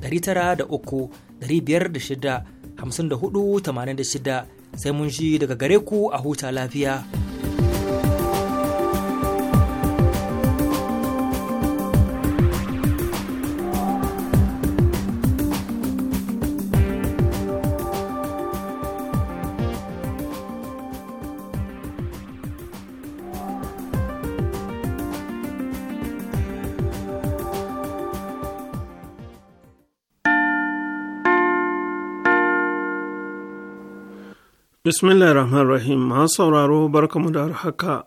9,506,86,86 sai mun ji daga gare ku a huta lafiya. Bismillah rahman rahim masu sauraro barkamu da haka.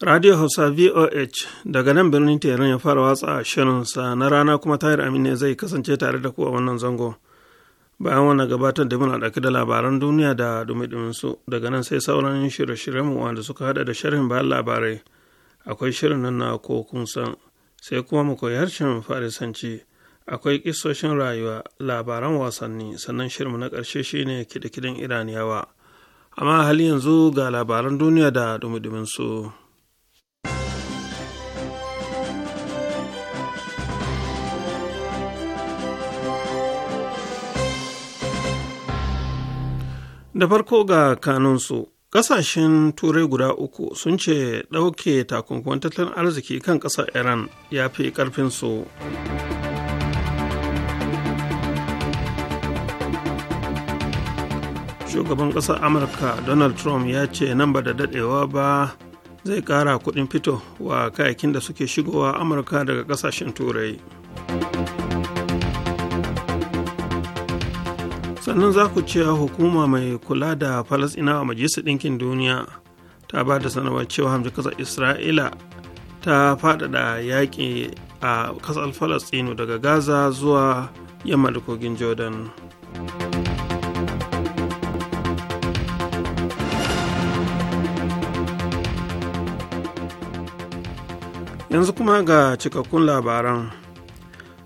Radio Hausa VOH daga nan birnin teran ya fara watsa shirinsa na rana kuma Tahir Amin ne zai kasance tare da ku a wannan zango. Bayan wannan gabatar da muna ɗauki da labaran duniya da dumi su daga nan sai sauran shirye-shiryen mu wanda suka hada da sharhin bayan labarai. Akwai shirin nan na ko kun san sai kuma mu koyi harshen Farisanci. akwai kisoshin rayuwa labaran wasanni sannan shirin na ƙarshe shine kiɗe-kiɗen iraniyawa amma hali yanzu ga labaran duniya da dumudumin su. Da farko ga kanunsu, ƙasashen turai guda uku sun ce ɗauke takunkuwan tattalin arziki kan ƙasar Iran ya fi ƙarfinsu. shugaban ƙasar amurka donald trump ya ce nan ba da dadewa ba zai ƙara kuɗin fito wa kayakin da suke shigowa amurka daga ƙasashen turai sannan za ku cewa hukuma mai kula da falasina a majalisar ɗinkin duniya ta ba da sanarwar cewa hamji ƙasar isra'ila ta faɗaɗa yaƙi a ƙasar falasɗinu daga gaza zuwa yamma da kogin jordan. yanzu kuma ga cikakkun labaran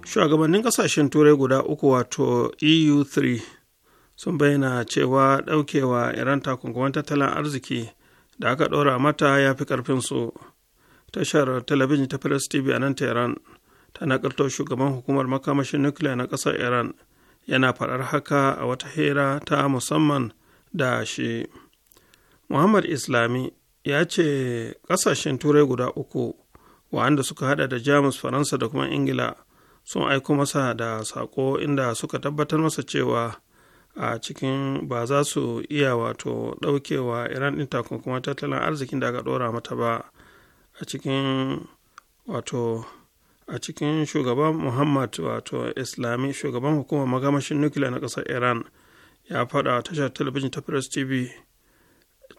shugabannin kasashen turai guda uku wato eu3 sun bayyana cewa daukewa iran takunkuman tattalin arziki da aka ɗora mata ya fi ƙarfinsu tashar talabijin ta press tv a nan tehran ta nakarto shugaban hukumar makamashin nukiliya na ƙasar iran yana faɗar haka a wata hira ta musamman da shi muhammad islami ya ce ƙasashen turai guda uku wa'anda suka hada da jamus faransa da kuma ingila sun aiko masa da sako inda suka tabbatar masa cewa a cikin ba za su iya wato ɗaukewa iran ɗin takunkuma tattalin arzikin da aka ɗora mata ba a cikin wato a cikin shugaban muhammad wato islami shugaban hukumar magamashin nukiliya na ƙasar iran ya faɗa tashar talabijin ta press tv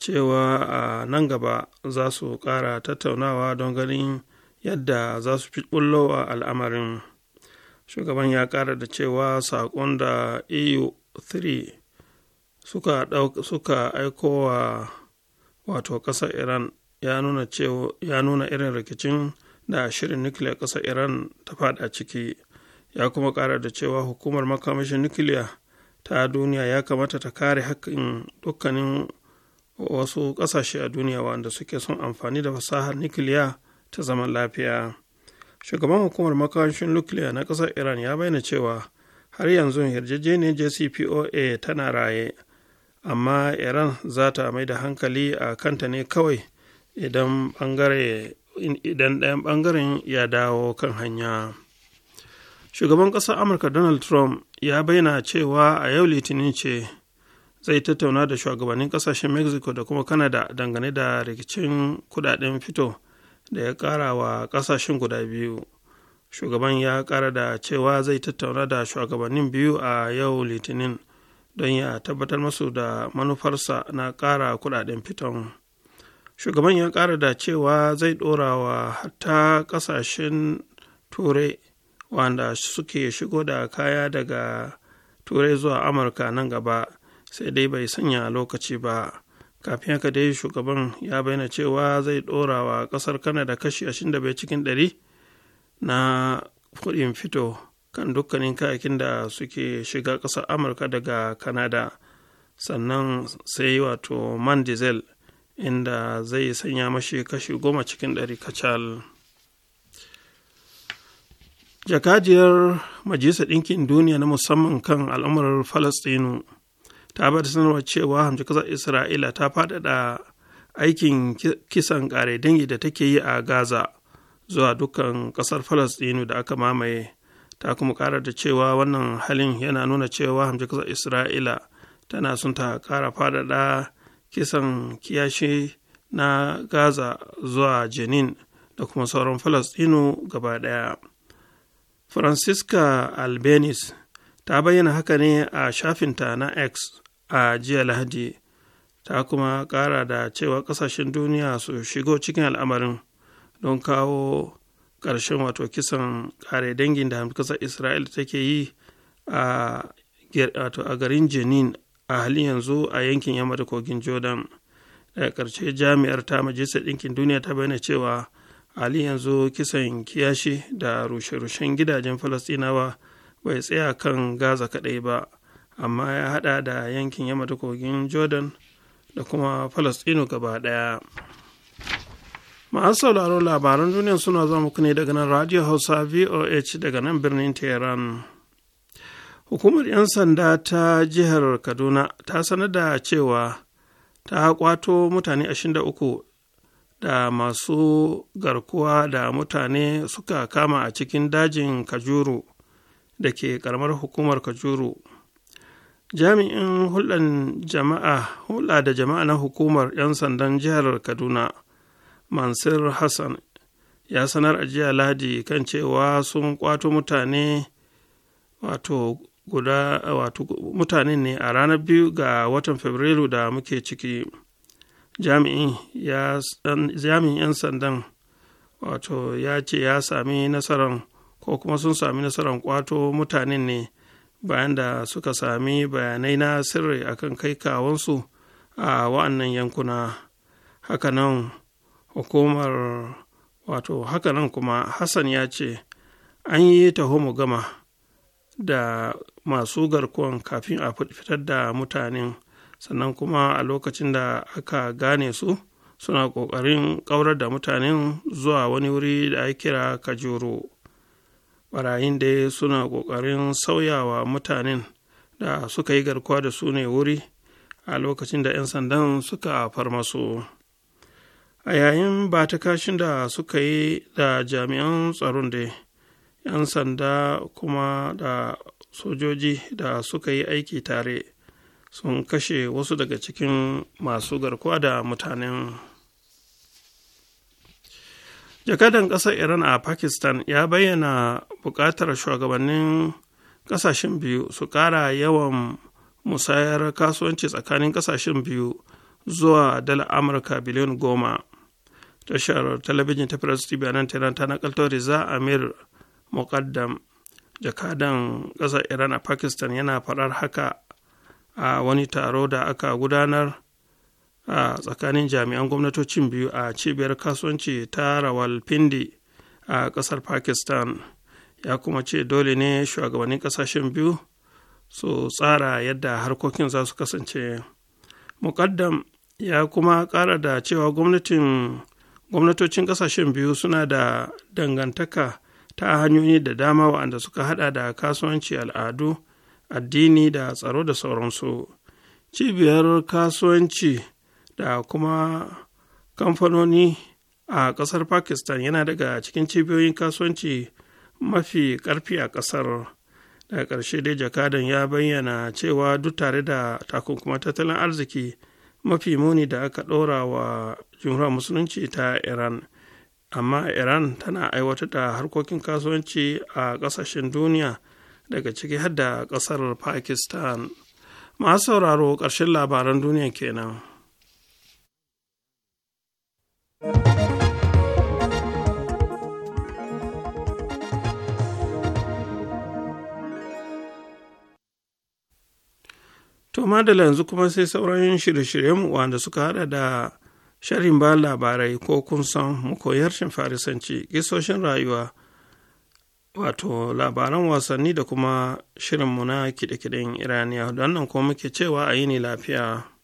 cewa a nan gaba za su ƙara tattaunawa don ganin yadda za su fi bullowa al'amarin shugaban ya kara da cewa saƙon da eu 3 suka, suka aiko wa wato ƙasar iran ya nuna, irin rikicin da shirin nukiliya ƙasar iran ta fada ciki ya kuma kara da cewa hukumar makamashin nukiliya ta duniya ya kamata ta kare haƙƙin dukkanin wasu ƙasashe a duniya wanda suke son amfani da fasahar nukiliya ta zaman lafiya shugaban hukumar makamashin nukiliya na ƙasar iran ya bayyana cewa har yanzu yarjejeniyar jcpoa tana raye amma iran za ta mai da hankali a kanta ne kawai idan ɗayan ɓangaren ya dawo kan hanya shugaban ƙasar amurka donald trump ya bayyana cewa a yau litinin ce zai tattauna da shugabannin ƙasashen mexico da kuma canada dangane da rikicin kudaden fito da ya ƙara wa ƙasashen guda biyu shugaban ya ƙara da cewa zai tattauna da shugabannin biyu a yau litinin don ya tabbatar masu da manufarsa na ƙara kuɗaɗen fiton shugaban ya ƙara da cewa zai ɗora wa hatta ƙasashen turai wanda suke shigo da kaya daga turai zuwa amurka nan gaba sai dai bai sanya lokaci ba kafin haka dai shugaban ya bayyana cewa zai ɗora wa ƙasar kanada kashi 25 cikin 100 na kuɗin fito kan dukkanin kayakin da suke shiga ƙasar amurka daga kanada sannan sai wato man diesel inda zai sanya mashi kashi 10 cikin 100 kacal jakajiyar majalisar ɗinkin duniya na musamman kan al'amurar falastinu ta ba da sanarwa cewa hamshe kasar isra'ila ta faɗaɗa aikin kisan ƙare dangi da take yi a gaza zuwa dukkan ƙasar falastinu da aka mamaye ta kuma ƙara da cewa wannan halin yana nuna cewa hamshe kasar isra'ila tana sun ta ƙara faɗaɗa kisan kiyashi na gaza zuwa jenin da kuma sauran falastinu gaba ɗaya francisca albanese ta bayyana haka ne a shafinta na x a jiya lahadi ta kuma kara da cewa kasashen duniya su shigo cikin al'amarin don kawo ƙarshen wato kisan kare dangin da kasar isra'il take yi a garin jenin a halin yanzu a yankin yamma da kogin jordan daga ƙarshe jami'ar ta majalisar ɗinkin duniya ta bayyana cewa halin yanzu kisan kiyashi da rushe-rushen gidajen falastinawa bai tsaya kan gaza kaɗai ba amma ya hada da yankin yamma ta kogin jordan da kuma Falasɗinu gaba daya masu sauraro labaran duniya suna zuwa muku ne daga nan radio hausa voh daga nan birnin tehran hukumar 'yan sanda ta jihar kaduna ta sanar da cewa ta kwato mutane 23 da masu garkuwa da mutane suka kama a cikin dajin kajuru da ke karamar hukumar kajuru jami'in hulɗan jama'a hulɗa da jama'a na hukumar 'yan sandan jihar kaduna mansur hassan ya sanar a jiya Ladi kan cewa sun kwato mutane wato guda wato mutane ne a ranar biyu ga watan fabrilu da muke ciki jami'in 'yan sandan wato ya ce ya sami nasarar ko kuma sun sami nasarar kwato mutane ne bayan da suka sami bayanai na sirri akan kai kawansu a wa'annan yankuna hakanan hukumar wato hakanan kuma hassan ya ce an yi taho gama da masu garkuwan kafin a fitar da mutanen sannan kuma a lokacin da aka gane su suna ƙoƙarin ƙaurar da mutanen zuwa wani wuri da ake kira kajuru barayin dai suna ƙoƙarin sauyawa mutanen da suka yi garkuwa da su ne wuri a lokacin da 'yan sandan suka farma su a yayin ba ta kashin da suka yi da jami'an tsaron da 'yan sanda kuma da sojoji da suka yi aiki tare sun kashe wasu daga cikin masu garkuwa da mutanen jakadan ƙasar iran a pakistan ya bayyana buƙatar shugabannin ƙasashen biyu su ƙara yawan musayar kasuwanci tsakanin ƙasashen biyu zuwa dala amurka biliyan goma tashar talabijin ta press tv nan tehran ta nakalto riza amir muqaddam jakadan ƙasar iran a pakistan yana faɗar haka a wani taro da aka gudanar a tsakanin jami'an gwamnatocin biyu a cibiyar kasuwanci ta rawalpindi a ƙasar pakistan ya kuma ce dole ne shugabannin ƙasashen biyu su tsara yadda harkokin za su kasance muƙaddam ya kuma ƙara da cewa gwamnatin gwamnatocin ƙasashen biyu suna da dangantaka ta hanyoyi da dama waɗanda suka hada da kasuwanci al'adu addini da tsaro da sauransu cibiyar kasuwanci da kuma kamfanoni a ƙasar pakistan yana daga cikin cibiyoyin kasuwanci mafi ƙarfi a ƙasar daga ƙarshe dai jakadan ya bayyana cewa duk tare da takunkuma tattalin arziki mafi muni da aka ɗora wa jumhuriyar musulunci ta iran amma iran tana aiwatar da harkokin kasuwanci a ƙasashen duniya daga ciki har da ƙasar pakistan masu sauraro ƙarshen labaran duniya kenan. To madala yanzu kuma sai sauran shirye-shiryenmu wanda suka hada da sharhin ba labarai ko kun san mu koyarshin farisanci gisoshin rayuwa wato labaran wasanni da kuma shirinmu na kide-kiden iraniya don nan kuma muke cewa a yi ne lafiya.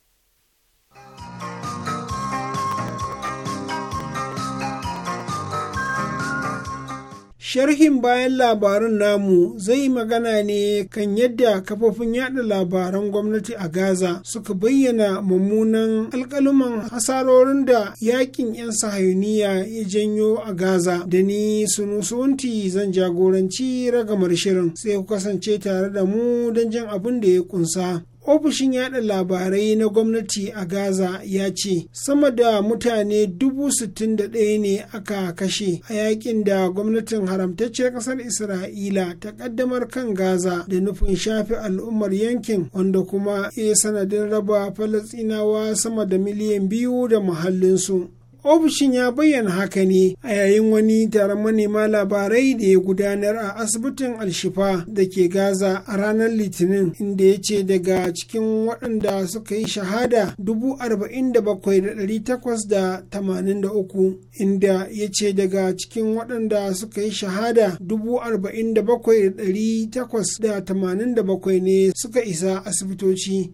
Sharhin bayan labarun namu zai magana ne kan yadda kafofin yada labaran gwamnati a Gaza suka bayyana mummunan alkaluman hasarorin da yakin 'yan sahayuniya ya janyo a Gaza da ni sunusunti zan jagoranci ragamar shirin sai ku kasance tare da mu don jan abin da ya kunsa. ofishin yada labarai na gwamnati a gaza ya ce sama da mutane dubu sittin da ɗaya ne aka kashe a yakin da gwamnatin haramtacciyar ƙasar isra'ila ta ƙaddamar kan gaza da nufin shafi al'ummar yankin wanda kuma ya sanadin raba falasinawa sama da miliyan biyu da muhallinsu ofishin ya bayyana haka ne a yayin wani taron manema labarai da ya gudanar a asibitin alshifa da ke gaza a ranar litinin inda ya ce daga cikin waɗanda suka yi shahada 47,883 inda ya ce daga cikin waɗanda suka yi shahada 47,887 ne suka isa asibitoci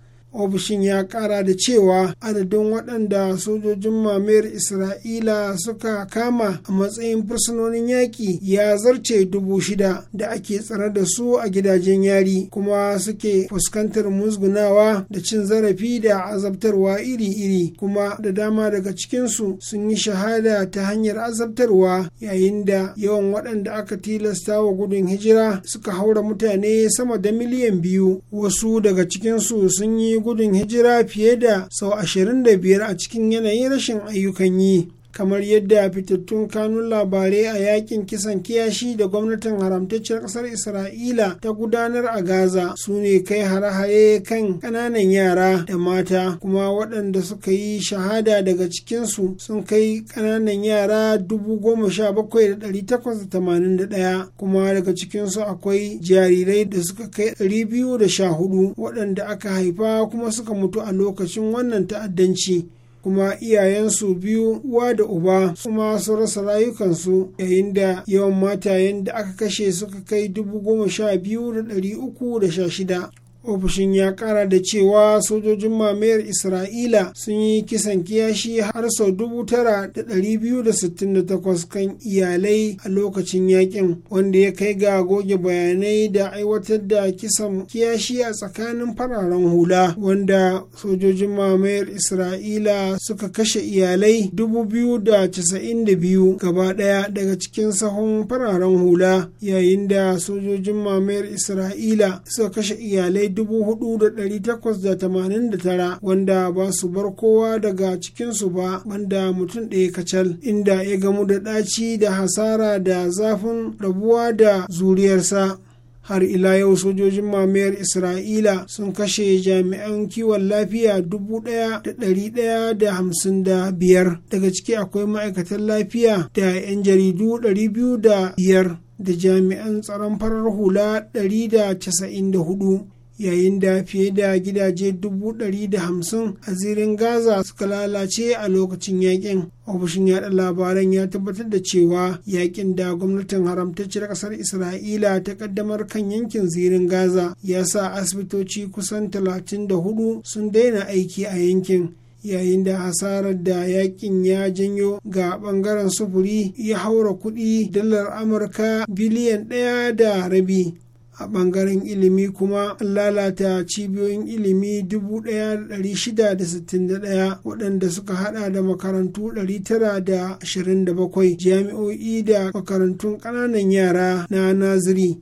ofishin ya kara da cewa adadin waɗanda sojojin mamayar isra'ila suka kama a matsayin fursunonin yaƙi ya zarce dubu shida da ake tsare da su a gidajen yari kuma suke fuskantar musgunawa da cin zarafi da azabtarwa iri-iri kuma da dama daga cikinsu sun yi shahada ta hanyar azabtarwa yayin da yawan waɗanda aka tilasta wa gudun hijira suka haura mutane sama da miliyan biyu wasu daga cikinsu sun yi gudun hijira fiye da sau 25 a cikin yanayin rashin ayyukan yi kamar yadda fitattun kanun labarai a yakin kisan kiyashi da gwamnatin haramtacciyar kasar isra'ila ta gudanar a gaza su ne kai hare-hare kan kananan yara da mata kuma waɗanda suka yi shahada daga cikinsu sun kai kananan yara dubu kuma daga cikinsu akwai jarirai da suka kai ɗari hudu waɗanda aka haifa kuma suka mutu a lokacin wannan ta'addanci kuma iyayensu biyu uwa da uba kuma su rasa rayukansu yayin da yawan matayen da aka kashe suka kai dubu goma sha biyu da ɗari uku da sha shida ofishin ya kara da cewa sojojin mamayar isra'ila sun yi kisan kiyashi har sau dubu tara da ɗari biyu da sittin da takwas kan iyalai a lokacin yakin wanda ya kai ga goge bayanai da aiwatar da kisan kiyashi a tsakanin fararen hula wanda sojojin mamayar isra'ila suka kashe iyalai dubu biyu da casa'in da biyu gaba ɗaya daga cikin sahun fararen hula yayin da sojojin mamayar isra'ila suka kashe iyalai 4,889 wanda ba su bar kowa daga cikinsu ba banda mutum ɗaya kacal inda ya gamu da ɗaci da hasara da zafin rabuwa da zuriyarsa har ila yau sojojin mamayar isra'ila sun kashe jami'an kiwon lafiya dubu biyar daga ciki akwai ma'aikatan lafiya da 'yan jaridu ɗari da biyar da jami'an tsaron farar hula ɗari da da yayin da fiye da gidaje dubu da hamsin a zirin gaza suka lalace a lokacin yakin ofishin yada labaran ya tabbatar da cewa yakin da gwamnatin haramtacciyar ƙasar isra'ila ta kaddamar kan yankin zirin gaza ya sa asibitoci kusan talatin da hudu sun daina aiki a yankin yayin da hasarar da yakin ya janyo ga bangaren sufuri ya haura kuɗi dalar amurka biliyan ɗaya da rabi a ɓangaren ilimi kuma an lalata cibiyoyin ilimi 1661 waɗanda suka hada da makarantu 927 jami'o'i da makarantun ƙananan yara na naziri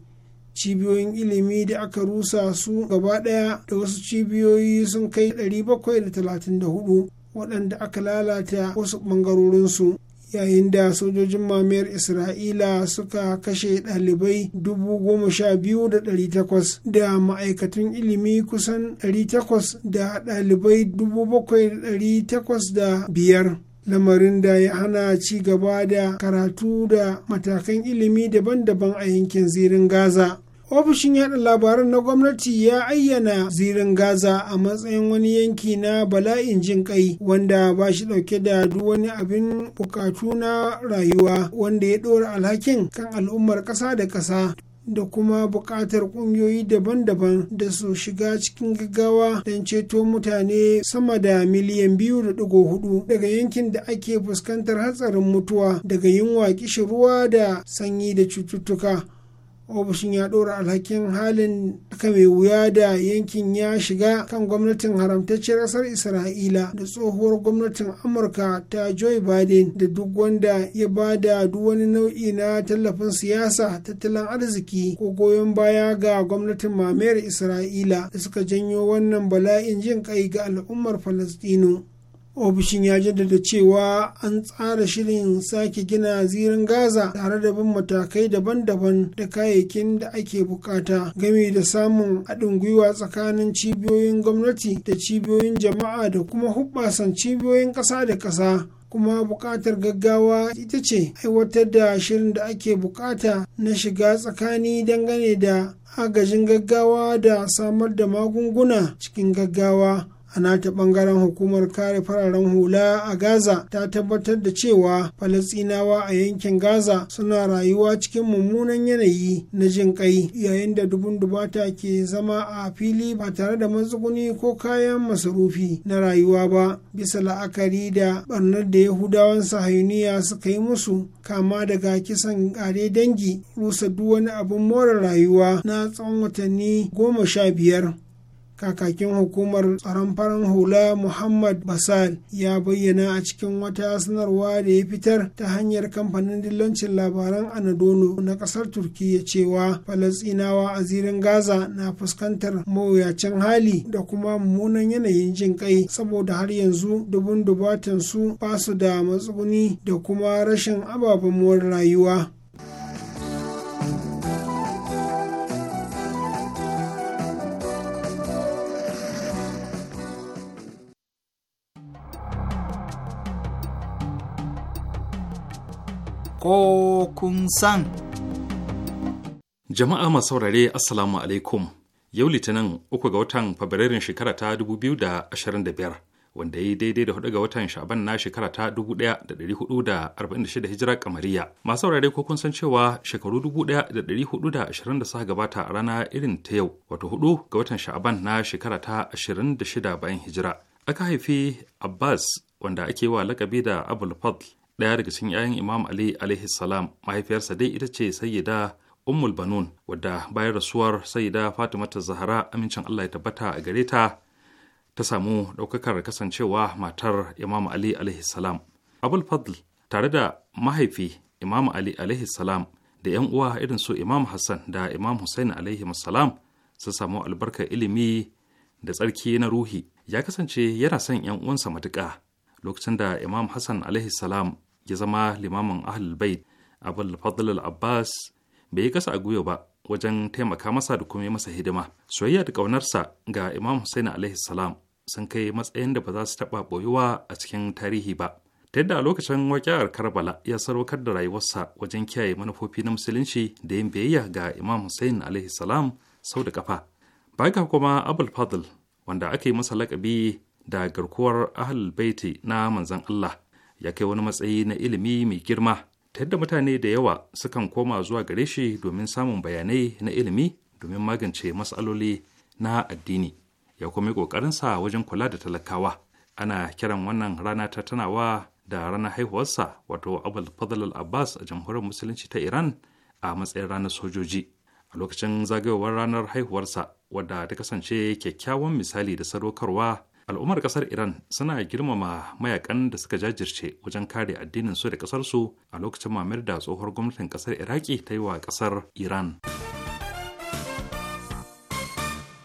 cibiyoyin ilimi da aka rusa su gaba ɗaya da wasu cibiyoyi sun kai 734 waɗanda aka lalata wasu ɓangarorinsu yayin da sojojin mamayar isra'ila suka kashe ɗalibai dubu goma sha biyu da ɗari ma'aikatan ilimi kusan ɗari da ɗalibai dubu da biyar lamarin da ya hana ci gaba da karatu da matakan ilimi daban-daban a yankin zirin gaza ofishin yada labaran na gwamnati ya ayyana zirin gaza a matsayin wani yanki na bala'in jin kai wanda ba shi dauke da duk wani abin bukatu na rayuwa wanda ya ɗora alhakin kan al'ummar ƙasa da ƙasa da kuma buƙatar ƙungiyoyi daban-daban da su shiga cikin gaggawa don ceto mutane sama da miliyan biyu da ɗigo hudu daga yankin da ake fuskantar hatsarin mutuwa daga yunwa ƙishiruwa ruwa da sanyi da cututtuka. ofishin ya ɗora alhakin halin ka mai wuya da yankin ya shiga kan gwamnatin haramtacciyar ƙasar isra'ila da tsohuwar gwamnatin amurka ta joe biden da duk wanda ya ba da duk wani nau'i na tallafin siyasa tattalin arziki ko goyon baya ga gwamnatin mamayar isra'ila da suka janyo wannan bala'in jin kai ga al'ummar falastinu ofishin ya jaddada cewa an tsara shirin sake gina zirin gaza tare da bin matakai daban-daban da kayayyakin da ake bukata game da samun haɗin gwiwa tsakanin cibiyoyin gwamnati da cibiyoyin jama'a da kuma hubbasan cibiyoyin ƙasa da ƙasa kuma buƙatar gaggawa ita ce aiwatar da shirin da ake buƙata na shiga tsakani dangane da agajin gaggawa da samar da magunguna cikin gaggawa a nata bangaren hukumar kare fararen hula a gaza ta tabbatar da cewa falasinawa a yankin gaza suna rayuwa cikin mummunan yanayi na jin kai yayin da dubun dubata ke zama a fili ba tare da matsuguni ko kayan masarufi na rayuwa ba bisa la'akari da barnar da yahudawan sahayuniya suka yi musu kama daga kisan kare dangi rusa duk wani abin more rayuwa na tsawon watanni goma sha biyar kakakin hukumar tsaron farin hula muhammad basal ya bayyana a cikin wata sanarwa da ya fitar ta hanyar kamfanin dillancin labaran anadolu na kasar Turkiyya cewa falasinawa a zirin gaza na fuskantar mawuyacin hali da kuma mummunan yanayin jin kai saboda har yanzu dubun dubatan su ba su da matsuguni da kuma rashin ababen rayuwa ko kun san. Jama'a masu saurare Assalamu alaikum. Yau Litinin uku ga watan Fabrairun shekara ta 2025 wanda ya yi daidai da hudu ga watan Shaban na shekara ta 1446 hijira kamariya. Masu saurare ko kun san cewa shekaru 1420 da suka gabata a rana irin ta yau wato hudu ga watan Shaban na shekara ta 26 bayan hijira. Aka haifi Abbas wanda ake wa lakabi da Abul Fadl ɗaya daga cikin 'ya'yan imam ali alaihi salam mahaifiyarsa dai ita ce sayyida ummul banun wadda bayan rasuwar sayyida fatimata zahara amincin allah ya tabbata a gare ta ta samu ɗaukakar kasancewa matar imam ali alaihi salam abul fadl tare da mahaifi imam ali alaihi salam da 'yan uwa irin su imam hassan da imam hussein alaihi salam sun samu albarkar ilimi da tsarki na ruhi ya kasance yana son 'yan uwansa matuƙa lokacin da imam hassan alaihi salam ya zama limamin ahlul bait abul fadl al-abbas bai yi kasa a gwiwa ba wajen taimaka masa da kuma yi masa hidima soyayya da kaunarsa ga imam hussein alaihi salam sun kai matsayin da ba za su taɓa boyuwa a cikin tarihi ba ta yadda a lokacin wakiyar karbala ya sarwakar da rayuwarsa wajen kiyaye manufofi na musulunci da yin biyayya ga imam hussein alaihi salam sau da kafa baka kuma abul fadl wanda aka yi masa lakabi da garkuwar ahlul baiti na manzon allah ya kai wani matsayi na ilimi mai girma ta yadda mutane da yawa sukan koma zuwa gare shi domin samun bayanai na ilimi domin magance matsaloli na addini ya kuma ƙoƙarinsa wajen kula da talakawa ana kiran wannan rana ta tanawa da ranar haihuwarsa wato abul fadl al abbas a jamhuriyar musulunci ta iran a matsayin ranar sojoji a lokacin zagayowar ranar haihuwarsa wadda ta kasance kyakkyawan misali da sadaukarwa al'ummar kasar iran suna girmama mayakan da suka jajirce wajen kare addinin su da kasar su a lokacin mamayar da tsohuwar gwamnatin kasar iraki ta yi wa kasar iran.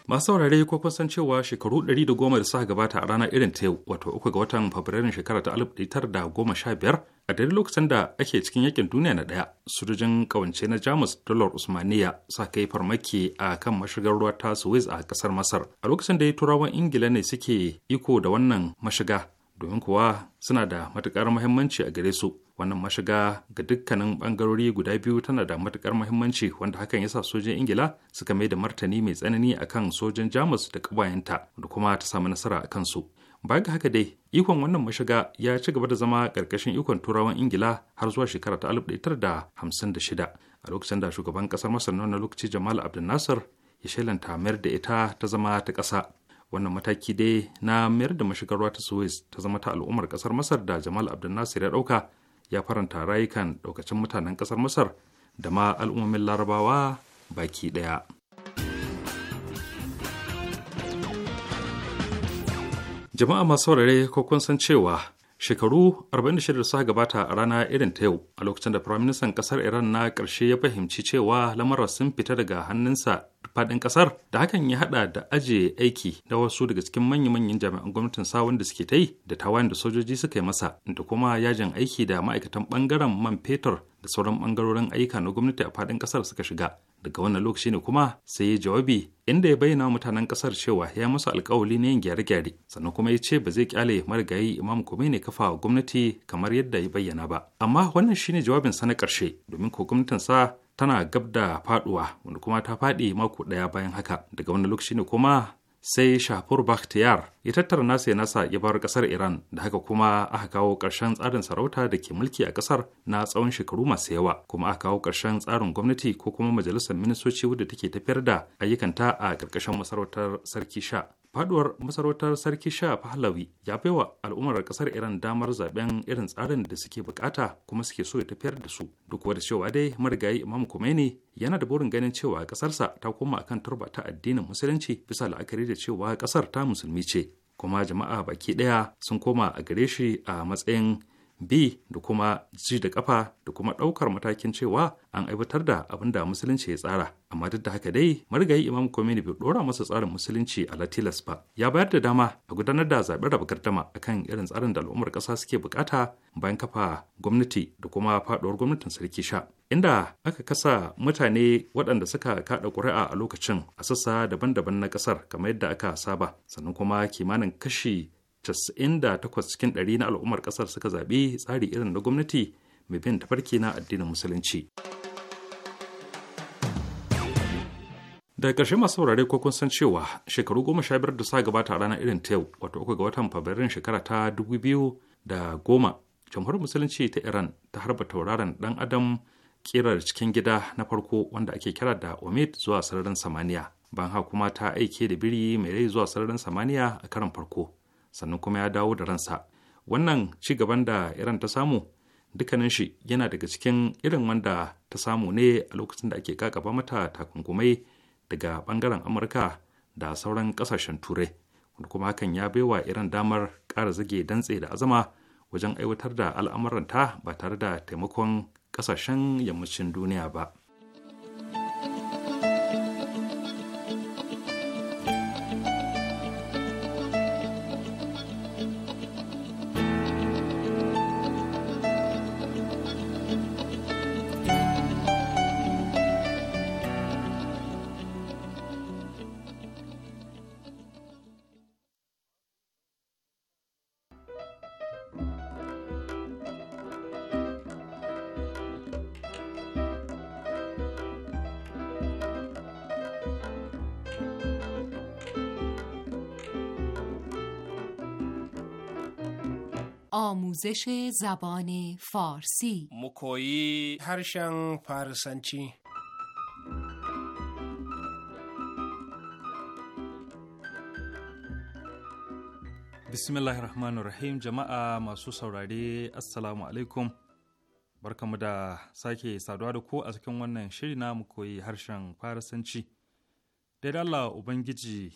masu saurare ko kusan cewa shekaru 110 da suka gabata a ranar irin ta yau wato uku ga watan fabrairun shekara ta 1915 a dare lokacin da ake cikin yakin duniya na daya sojojin kawance na jamus dalar usmaniya sa kai farmaki a kan mashigar ruwa ta suez a kasar masar a lokacin da ya turawan ingila ne suke iko da wannan mashiga domin kuwa suna da matukar muhimmanci a gare su wannan mashiga ga dukkanin bangarori guda biyu tana da matukar muhimmanci wanda hakan yasa sojin ingila suka mai da martani mai tsanani akan sojin jamus da kabayanta da kuma ta samu nasara a kansu ba ga haka dai ikon wannan mashiga ya ci gaba da zama karkashin ikon turawan ingila har zuwa shekara ta da da hamsin shida a lokacin da shugaban kasar masar na lokaci jamal abdul nasir ya shelanta mayar da ita ta zama ta kasa. wannan mataki dai na mayar da mashigar ruwa ta suez ta zama ta al'ummar kasar masar da jamal abdul nasir ya dauka ya faranta rayukan daukacin mutanen kasar masar da ma al'ummomin larabawa baki daya jama'a masu saurare ko kun san cewa shekaru 46 da suka gabata a rana irin ta yau a lokacin da firaministan kasar iran na karshe ya fahimci cewa lamarar sun fita daga hannunsa faɗin ƙasar da hakan ya haɗa da aje aiki na wasu daga cikin manya-manyan jami'an gwamnatin sa wanda suke ta yi da tawayen da sojoji suka yi masa da kuma yajin aiki da ma'aikatan ɓangaren man fetur da sauran ɓangarorin ayyuka na gwamnati a faɗin ƙasar suka shiga daga wannan lokaci ne kuma sai ya jawabi inda ya bayyana mutanen ƙasar cewa ya musu alkawali na yin gyare-gyare sannan kuma ya ce ba zai kyale marigayi imam kome ne kafa wa gwamnati kamar yadda ya bayyana ba amma wannan shine jawabin sa na ƙarshe domin ko gwamnatin sa tana gab da faduwa wanda kuma ta fadi mako daya bayan haka daga wani lokaci ne kuma sai shafur bakhtiyar ya tattara nasa ya nasa ya bar kasar iran da haka kuma aka kawo karshen tsarin sarauta da ke mulki a kasar na tsawon shekaru masu yawa kuma aka kawo karshen tsarin gwamnati ko kuma majalisar ministoci wadda take tafiyar da ayyukanta a ƙarƙashin masarautar sarki sha faduwar masarautar sarki sha pahlavi ya baiwa al'ummar kasar iran damar zaben irin tsarin da suke bukata kuma suke so ya tafiyar da su duk da cewa dai marigayi imam khomeini yana da burin ganin cewa kasarsa ta koma akan turba ta addinin musulunci bisa la'akari da cewa kasar ta musulmi ce kuma jama'a baki daya sun koma a gare shi a matsayin B da kuma ji da kafa da kuma ɗaukar matakin cewa an aiwatar da abin da musulunci ya tsara amma duk da haka dai marigayi imam komini bai ɗora masa tsarin musulunci a latilas ba ya bayar da dama a gudanar da zaɓen raba gardama akan irin tsarin da al'ummar ƙasa suke bukata bayan kafa gwamnati da kuma faɗuwar gwamnatin sarki sha inda aka kasa mutane waɗanda suka kaɗa ƙuri'a a lokacin a sassa daban-daban na ƙasar kamar yadda aka saba sannan kuma kimanin kashi 98 cikin 100 na al'ummar kasar suka zaɓi tsari irin na gwamnati mai bin tafarki na addinin musulunci. daga ƙarshe masu saurare ko kun san cewa shekaru goma sha biyar da sa gabata a ranar irin ta yau wato uku ga watan fabrairun shekara ta dubu biyu da goma jamhuriyar musulunci ta iran ta harba tauraron dan adam kirar cikin gida na farko wanda ake kira da omid zuwa sararin samaniya ban ha kuma ta aike da biri mai rai zuwa sararin samaniya a karon farko sannan kuma ya dawo da ransa wannan ci gaban da iran ta samu dukkanin shi yana daga cikin irin wanda ta samu ne a lokacin da ake kakaba mata takunkumai daga bangaren amurka da sauran kasashen turai wanda kuma hakan ya baiwa iran damar kara zage dantse da azama wajen aiwatar da al'amuranta ba tare da taimakon kasashen yammacin duniya ba. آموزش زبان فارسی مکویی هرشن فارسنچی bismillahir rahmanir rahim jama'a masu saurare assalamu alaikum barkamu da sake saduwa da ku a cikin wannan shiri na mu koyi harshen farasanci da Allah ubangiji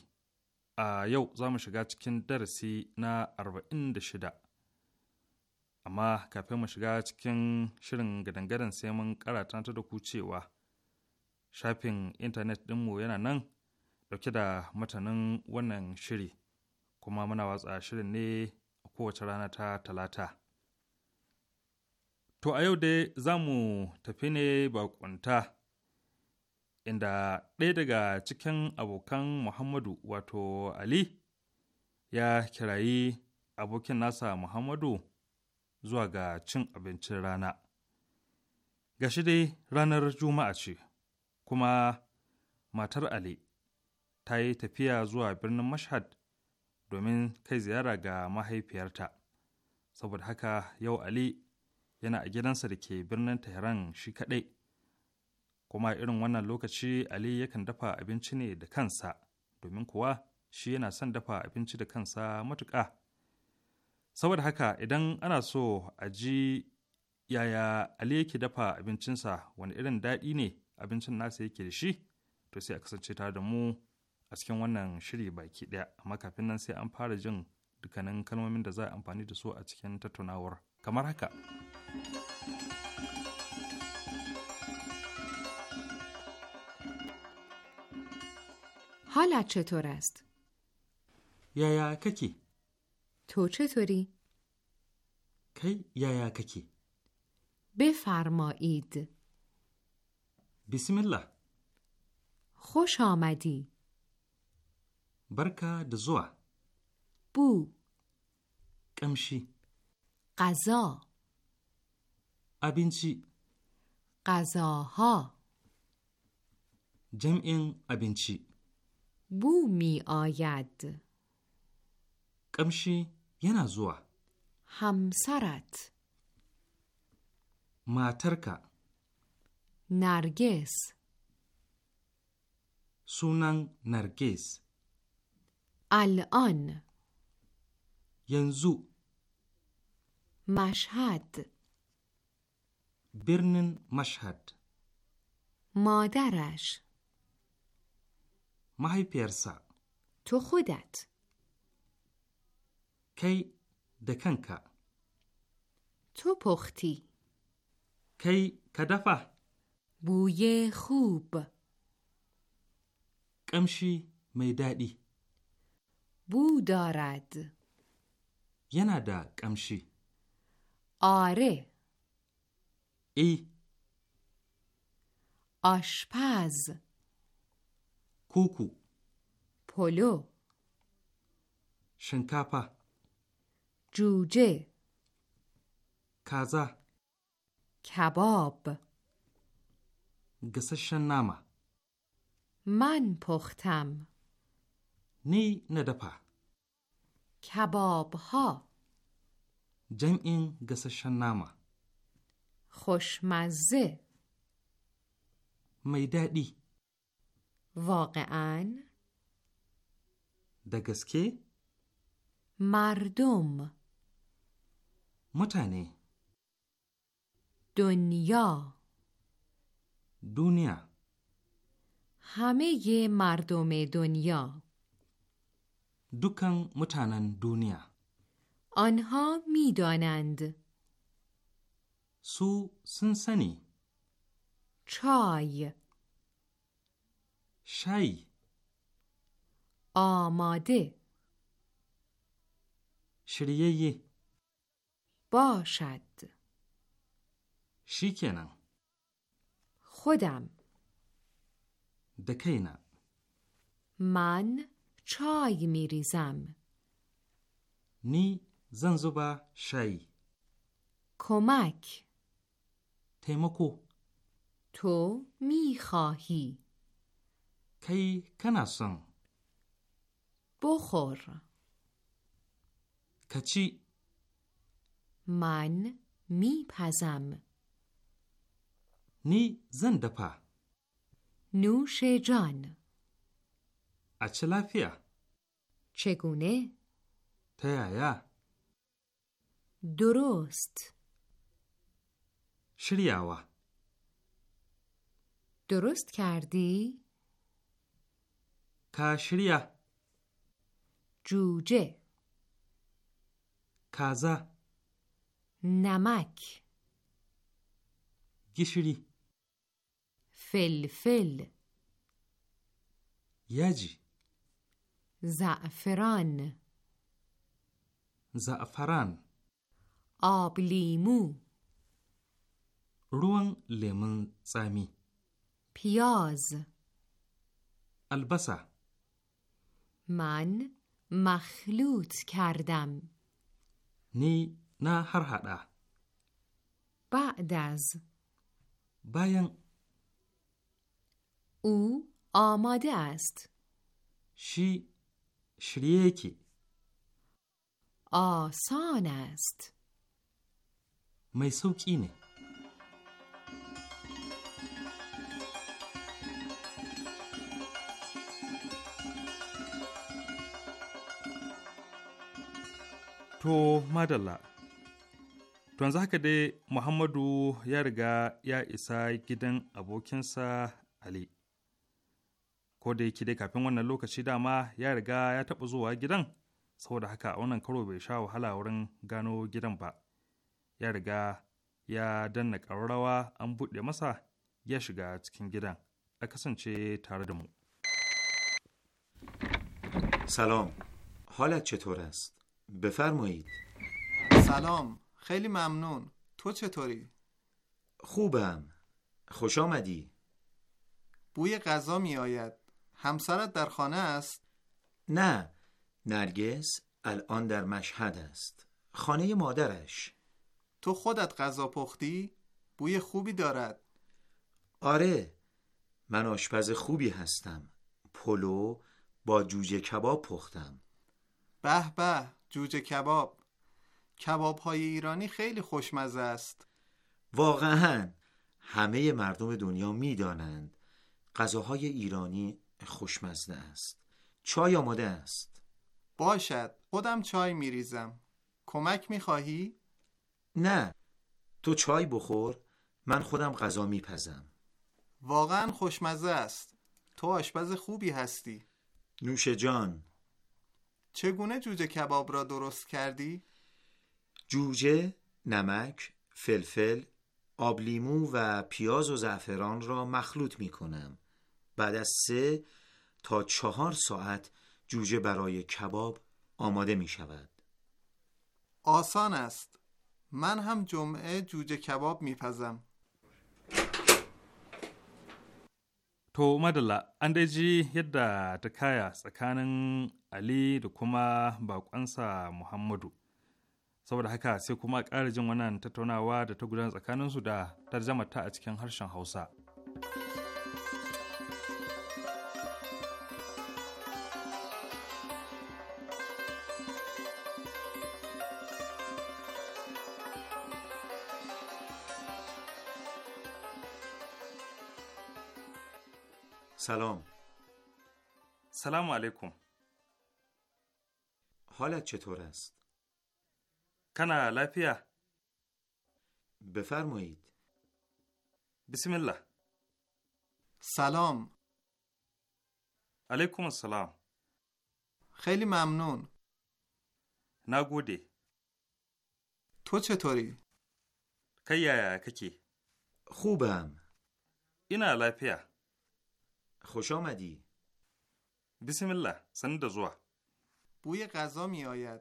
a yau za mu shiga cikin darasi na 46 amma kafin mu shiga cikin shirin gadangadan sai mun karata ta da ku cewa shafin intanet ɗinmu yana nan dauke da matanin wannan shiri kuma muna watsa shirin ne a kowace rana ta talata to a yau dai za mu tafi ne bakunta inda ɗaya daga cikin abokan muhammadu wato ali ya kirayi abokin nasa muhammadu zuwa ga cin abincin rana. Gashi dai ranar Juma'a ce, kuma matar Ali ta yi tafiya zuwa birnin Mashhad domin kai ziyara ga mahaifiyarta. Saboda haka yau Ali yana a gidansa da ke birnin Tehran shi kaɗai. Kuma irin wannan lokaci Ali yakan dafa abinci ne da kansa, domin kuwa shi yana son dafa abinci da kansa matuƙa. saboda haka idan ana so a ji yaya ali yake dafa abincinsa wani irin daɗi ne abincin nasa yake da shi to sai a kasance tare da mu a cikin wannan shiri baki ɗaya amma kafin nan sai an fara jin dukkanin kalmomin da za a amfani da su a cikin tattaunawar kamar haka hala ce to rest yaya kake تو چطوری؟ کی یا یا ککی بفرمایید بسم الله خوش آمدی برکا دزوا بو کمشی قضا ابینچی قضاها جمع ابینچی بو می آید کمشی ینا زوا همسرت ماترکا نرگس سونن نرگس الان ینزو مشهد برنن مشهد مادرش مهی پیرسا تو خودت کی دکنکا تو پختی کی کدفه بوی خوب کمشی میدادی بو دارد یه دا کمشی آره ای آشپز کوکو پلو شنکاپا جوجه کازا کباب گسش نامه من پختم نی ندپا کباب ها جمع گسش نامه خوشمزه میدادی واقعا دگسکی مردم دنیا دنیا همه مردم دنیا دکان متانن دنیا آنها میدانند سو سنسنی چای شای آماده شریعی باشد شیکنم خودم دکینا من چای میریزم نی زنزوبا شای کمک تیمکو تو میخواهی کی کناسن بخور کچی من میپزم نی زنده پا نوش جان اچه چگونه تیایا درست و درست کردی؟ کاشریه جوجه کازا نمک گشری فلفل یجی زعفران زعفران آب لیمو روان لیمون زمی پیاز البسه من مخلوط کردم نی na har hada. Ba Bayan. U amade ast. Shi shirye yake. Asan Mai sauƙi ne. To, madalla. To yanzu haka dai Muhammadu ya riga ya isa gidan abokinsa Ali. Ko da yake dai kafin wannan lokaci dama ya riga ya taɓa zuwa gidan, saboda haka a wannan karo bai sha wahala wurin gano gidan ba. Ya riga ya danna ƙararrawa an buɗe masa ya shiga cikin gidan. A kasance tare da mu. Salam, است؟ بفرمایید خیلی ممنون تو چطوری؟ خوبم خوش آمدی بوی غذا می آید همسرت در خانه است؟ نه نرگس الان در مشهد است خانه مادرش تو خودت غذا پختی؟ بوی خوبی دارد آره من آشپز خوبی هستم پلو با جوجه کباب پختم به به جوجه کباب کباب های ایرانی خیلی خوشمزه است واقعا همه مردم دنیا می دانند غذاهای ایرانی خوشمزه است چای آماده است باشد خودم چای می ریزم کمک می خواهی؟ نه تو چای بخور من خودم غذا پزم واقعا خوشمزه است تو آشپز خوبی هستی نوش جان چگونه جوجه کباب را درست کردی؟ جوجه، نمک، فلفل، آب لیمو و پیاز و زعفران را مخلوط می کنم. بعد از سه تا چهار ساعت جوجه برای کباب آماده می شود. آسان است. من هم جمعه جوجه کباب می پزم. To madalla an dai ji yadda ta kaya tsakanin Ali saboda haka sai kuma ƙara jin wannan tattaunawa da ta gudana tsakanin su da tarjama ta a cikin harshen hausa سلام سلام علیکم حالت چطور است؟ kana lafiya? Bifarmoyid. Bismillah. Salam. Alaikum salam. Kheli mamnun. Na gode. To ce tori? Kai yaya kake. Khuban. Ina lafiya. Khusho madi. Bismillah. Sani da zuwa. Buya gaza mi oyad.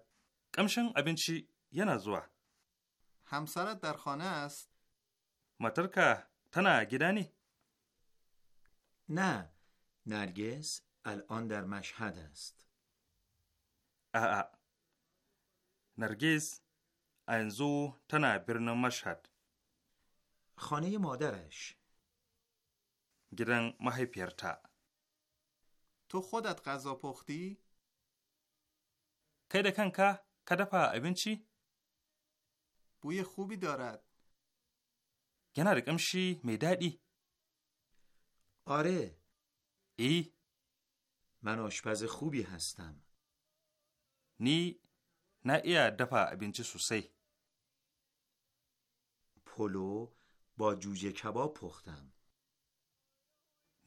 Kamshin abinci یه نزوه همسرت در خانه است؟ مترکه تنها گیدنی؟ نه نرگس الان در مشهد است آ نرگس انزو تنها برن مشهد خانه مادرش گیدن ماهی پیرتا تو خودت غذا پختی؟ که که دفع چی؟ بوی خوبی دارد یعنی شی میدادی؟ آره ای من آشپز خوبی هستم نی نه ای دفع ابینچه سوسی پلو با جوجه کباب پختم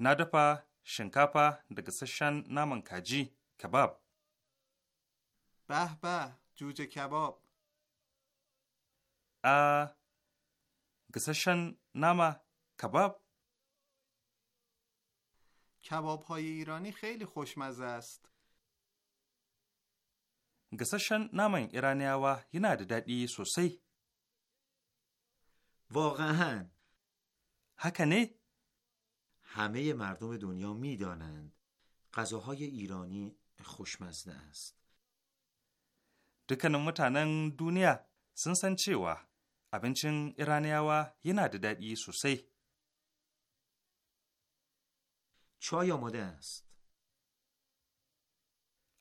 نه دفع شنکاپا دگسشن نامن کجی کباب به به جوجه کباب ا گسشن نما کباب کباب های ایرانی خیلی خوشمزه است. گسشن نامن ایرانیاوا ینا دادی سوسی. واقعا هکنه همه مردم دنیا میدانند غذاهای ایرانی خوشمزه است. دکنن متانن دنیا سن سن abincin ایرانیاوا یه da daɗi sosai. چای آماده است.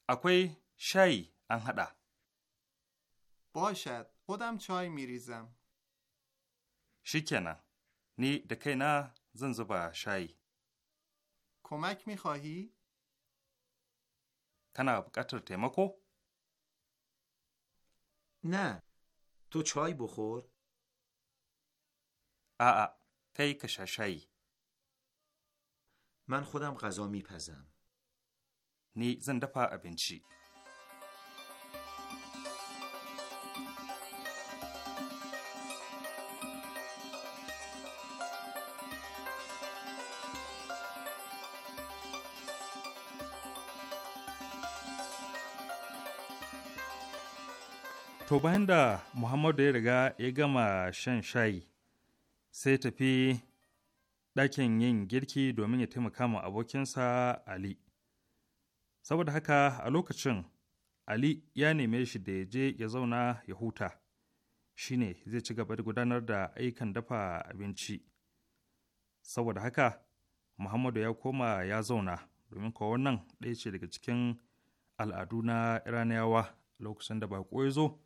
اکوی شایی ان هدا. باشد. خودم چای میریزم. شکنه. نی دکه نه زن زبا شایی. کمک میخواهی؟ کنا بکتر تیمکو؟ نه. تو چای بخور. a'a kai ka من خودم غذا میپزم نی زنده پا ابنچی To bayan da Muhammadu ya riga ya gama shan shayi sai tafi ɗakin yin girki domin ya taimaka ma abokinsa Ali. Saboda haka a lokacin Ali ya neme shi da ya je ya zauna ya huta, shi ne zai ci gaba da gudanar da ayyukan dafa abinci. Saboda haka Muhammadu ya koma ya zauna domin kuwa wannan ɗaya ce daga cikin al'adu na Iraniyawa lokacin da baƙo ya zo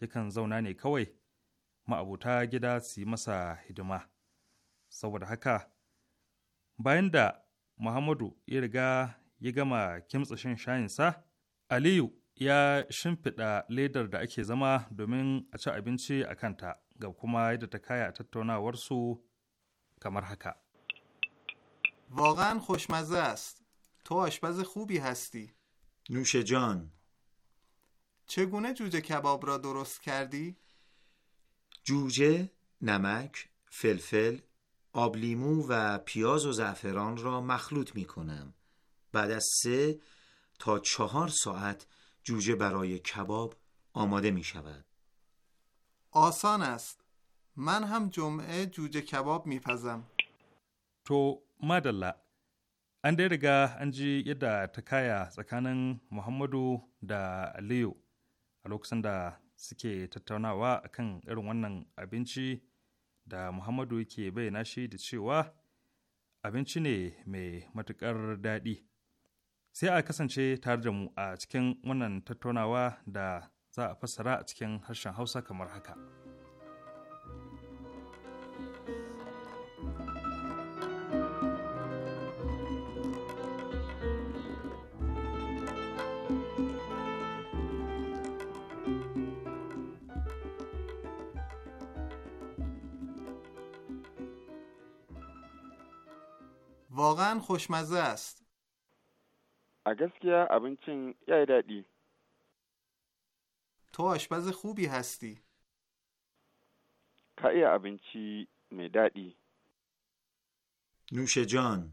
yakan zauna ne kawai ma'abuta gida su yi masa hidima saboda haka bayan da muhammadu ya riga ya gama kimtsa shan shayinsa aliyu ya shimfiɗa ledar da ake zama domin a ci abinci a kanta ga kuma yadda ta kaya a tattaunawarsu kamar haka نوشه جان چگونه جوجه کباب را درست کردی؟ جوجه، نمک، فلفل، آب لیمو و پیاز و زعفران را مخلوط می کنم. بعد از سه تا چهار ساعت جوجه برای کباب آماده می شود. آسان است. من هم جمعه جوجه کباب می پزم. تو مدلا an dai riga an ji yadda ta kaya tsakanin suke tattaunawa kan irin wannan abinci da muhammadu yake bayyana shi da cewa abinci ne mai matuƙar daɗi sai a kasance tare da mu a cikin wannan tattaunawa da za a fassara a cikin harshen hausa kamar haka. واقعا خوشمزه است. آگاسیا ابینچ یای دادی. تو آشپز خوبی هستی. کای ابینچی می دادی. نوش جان.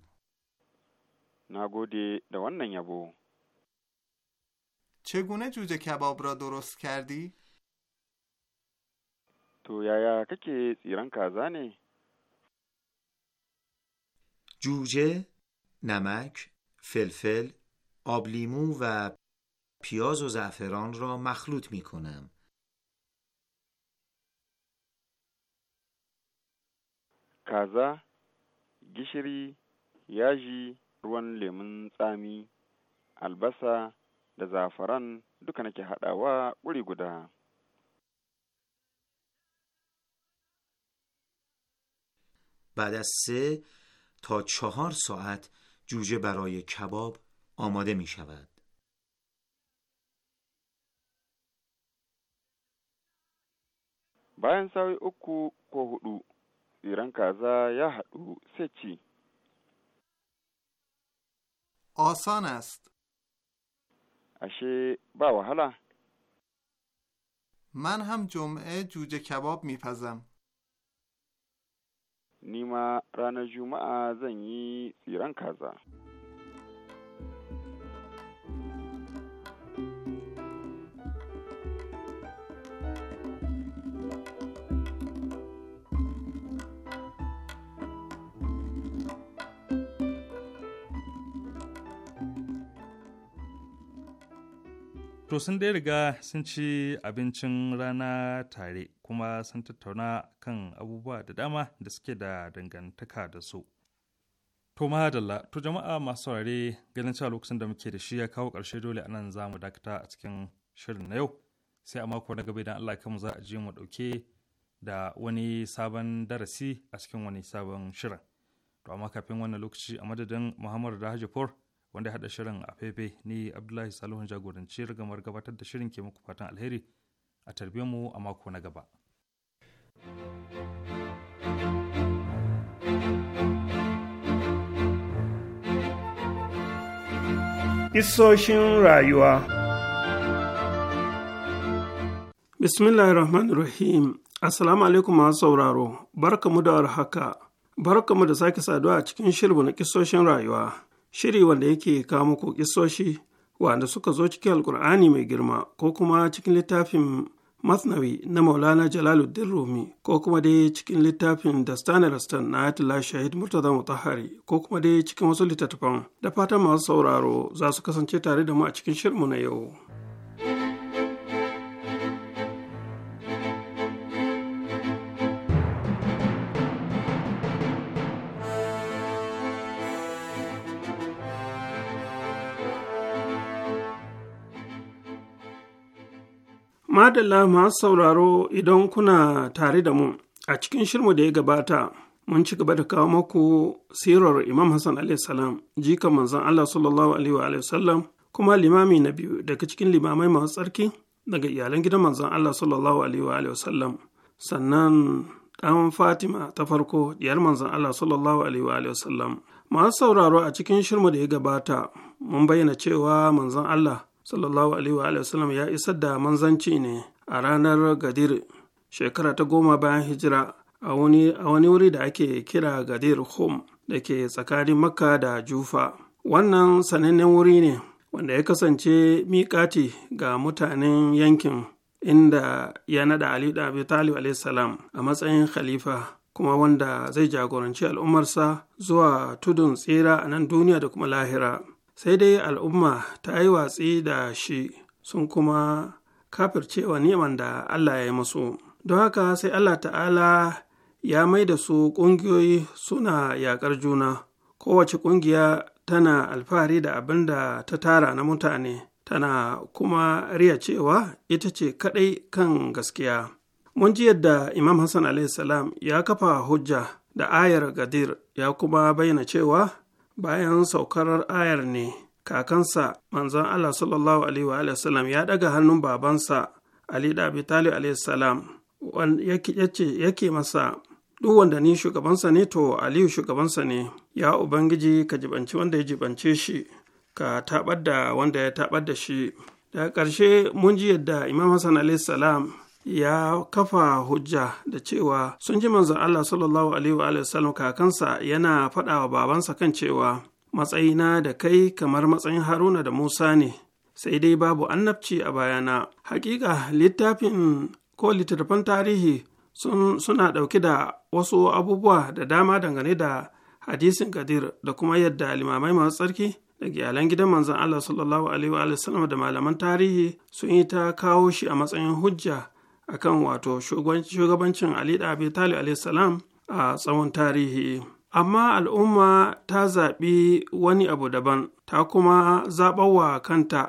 ناگوده دوان wannan چگونه جوجه کباب را درست کردی؟ تو یا یا ککی تیرن کازانی؟ جوجه، نمک، فلفل، آب لیمو و پیاز و زعفران را مخلوط می کنم. کازا، گشری، یاجی، روان لیمون سامی، البسا، لزعفران، دکنه که حد آوا، بعد از سه تا چهار ساعت جوجه برای کباب آماده می شود. باین ساوی اکو کوهدو سیران کازا یا حدو سچی آسان است اشی با وحلا من هم جمعه جوجه کباب میپزم Ni ma ranar Juma'a zan yi tsiran kaza. To sun dai riga sun ci abincin rana tare kuma sun tattauna kan abubuwa da dama da suke da dangantaka da su. To mahadalla, to jama'a masu saurare ganin cewa lokacin da muke da shi ya kawo ƙarshe dole anan za mu dakata a cikin shirin na yau. Sai a mako na gaba idan Allah mu za a je mu ɗauke da wani sabon darasi a cikin wani sabon shirin. To amma kafin wannan lokaci a madadin Muhammadu Dahajifor wanda haɗa shirin a fefe ni abdullahi salihu jagoranci rigamar gabatar da shirin ke muku fatan alheri a tarbe mu a mako na gaba. Isoshin rayuwa Bismillahirrahmanirrahim Assalamu alaikum masu sauraro, barkamu da warhaka, barkamu da sake saduwa a cikin shirbu na kisoshin rayuwa. shiri wanda yake kawo muku kisoshi wanda suka zo cikin alkur'ani mai girma ko kuma cikin littafin masnawi na maulana jalaluddin rumi ko kuma dai cikin littafin stanley rastan na atila shahid murtaza mutahari ko kuma dai cikin wasu littattafan da fatan masu sauraro za su kasance tare da mu a cikin shirmu na yau. Madalla masu sauraro idan kuna tare da mu a cikin shirmu da ya gabata mun ci gaba da kawo maku sirar Imam Hassan alaihi salam jika manzon Allah sallallahu alaihi wa sallam kuma limami na biyu daga cikin limamai masu tsarki daga iyalan gidan manzon Allah sallallahu alaihi wa sallam sannan ɗan Fatima ta farko diyar manzon Allah sallallahu alaihi wa sallam masu sauraro a cikin shirmu da ya gabata mun bayyana cewa manzon Allah sallallahu alaihi wa sallam ya isa da manzanci ne a ranar gadir shekara ta goma bayan hijira a wani wuri da ake kira gadir hom da ke tsakanin makka da jufa wannan sanannen wuri ne wanda ya kasance miƙati ga mutanen yankin inda ya nada ali da abu talib salam a matsayin khalifa kuma wanda zai jagoranci al'ummarsa zuwa tudun tsira a nan duniya da kuma lahira sai dai al'umma ta yi watsi da shi sun kuma kafircewa neman da Allah ya yi masu. Don haka sai Allah ta'ala ya mai da su ƙungiyoyi suna yaƙar juna, kowace ƙungiya tana alfahari da abin da ta tara na mutane, tana kuma riya cewa ita ce kaɗai kan gaskiya. Mun ji yadda Imam Hassan salam ya kafa hujja da ayar Gadir ya kuma bayyana cewa bayan saukar ayar ne kakansa manzon Allah sallallahu alaihi ya daga hannun babansa Ali da Abi Talib alaihi salam yake masa duk wanda ni shugabansa ne to Aliyu shugabansa ne ya ubangiji ka jibanci wanda ya jibance shi ka tabar da wanda ya tabar da shi daga ƙarshe mun ji yadda Imam Hassan alaihi ya kafa hujja da cewa sun ji manzon Allah sallallahu alaihi wa sallam kakansa yana faɗa wa babansa kan cewa matsayina da kai kamar matsayin Haruna da Musa ne sai dai babu annabci a bayana hakika littafin ko littattafan tarihi sun suna ɗauke da wasu abubuwa da dama dangane da hadisin kadir da kuma yadda limamai masu tsarki da iyalan gidan manzon Allah sallallahu alaihi wa sallam da malaman tarihi sun yi ta kawo shi a matsayin hujja akan wato shugabancin ali abi talib salam a tsawon tarihi amma al'umma ta zaɓi wani abu daban ta kuma zaɓawa kanta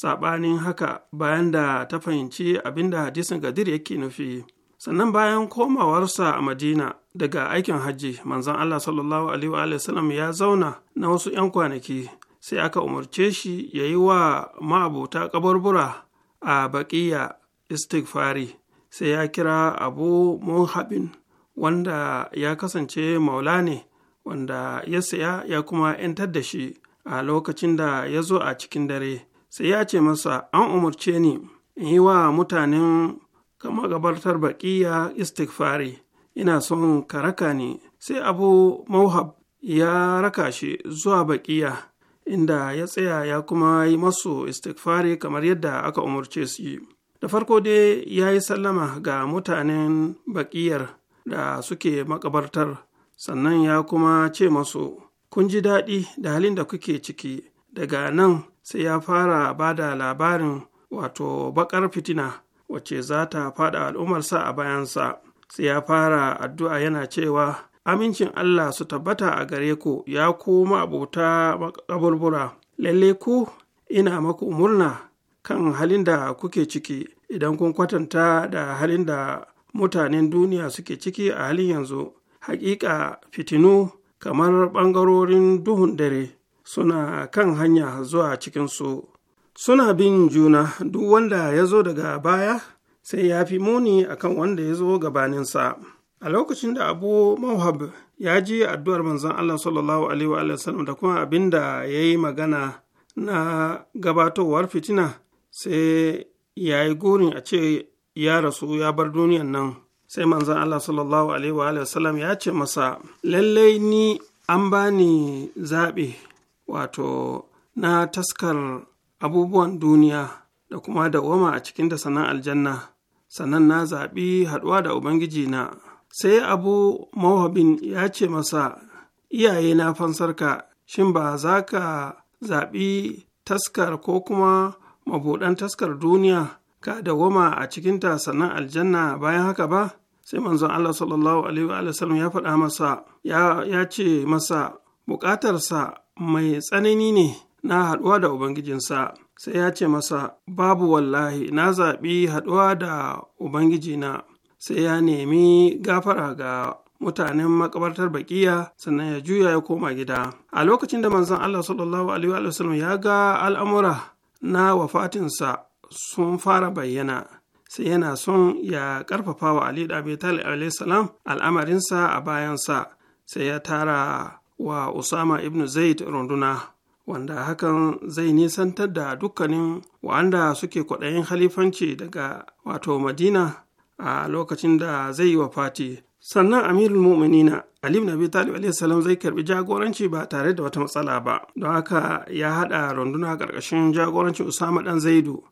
saɓanin haka bayan da ta fahimci abinda da hadisin gadir yake nufi sannan bayan komawarsa a madina daga aikin hajji manzon allah sallallahu alaihi ya zauna na wasu 'yan kwanaki sai aka umarce shi ya yi wa ma'abota kaburbura a baƙiya istighfari sai ya kira abu munhabin wanda ya kasance maula ne wanda ya saya ya kuma 'yantar da shi a lokacin da ya zo a cikin dare sai ya ce masa an umarce ni in yi wa mutanen gabatar baƙiya istighfari ina son ka raka ni sai abu mauhab ya raka shi zuwa baƙiya inda ya tsaya ya kuma yi masu istighfari kamar yadda aka umarce su yi da farko dai ya yi sallama ga mutanen bakiyar da suke makabartar sannan ya kuma ce masu kun ji daɗi da halin da kuke ciki daga nan sai ya fara ba da labarin wato bakar fitina wacce za ta faɗa al'ummarsa a bayansa sai ya fara addu'a yana cewa amincin Allah su tabbata a gare ku ya koma abota ƙaburbura lalle ku ina maku murna kan halin da kuke ciki idan kun kwatanta da halin da mutanen duniya suke ciki a halin yanzu hakika fitinu kamar ɓangarorin duhun dare suna kan hanya zuwa cikinsu suna bin juna duk wanda ya zo daga baya sai ya fi muni akan wanda ya zo gabaninsa a lokacin da abu mawhab ya ji addu'ar manzan allah sallallahu alaihi wa da kuma abin da ya yi magana na gabatowar fitina sai ya yi gurin a ce ya rasu ya bar duniyan nan sai manzan Allah sallallahu alaihi wa sallam ya ce masa lallai ni an bani zaɓe wato na taskar abubuwan duniya da kuma dawama a cikin da sanan aljanna sannan na zaɓi haɗuwa da ubangiji na sai abu mawabin ya ce masa iyaye na fansarka shin ba za ka zaɓi taskar ko kuma mabuɗan taskar duniya ka da goma a cikinta sannan aljanna bayan haka ba sai manzon Allah sallallahu alaihi wa sallam ya faɗa masa ya ce masa buƙatarsa mai tsanani ne na haɗuwa da ubangijinsa sai ya ce masa babu wallahi na zaɓi haɗuwa da ubangijina sai ya nemi gafara ga mutanen makabartar bakiya sannan ya juya ya koma gida a lokacin da manzon Allah sallallahu alaihi wa sallam ya ga al'amura na wafatinsa sun fara bayyana sai yana son ya ƙarfafa wa Ali da Talib salam al'amarinsa a bayansa sai ya tara wa Usama ibn Zaid runduna wanda hakan zai nisantar da dukkanin wa'anda suke kwaɗayin halifanci daga wato Madina a lokacin da zai yi wa fati sannan amirul mu'minina Ali ibn Abi Talib alayhi salam zai karbi jagoranci ba tare da wata matsala ba don haka ya hada runduna karkashin jagorancin Usama dan Zaidu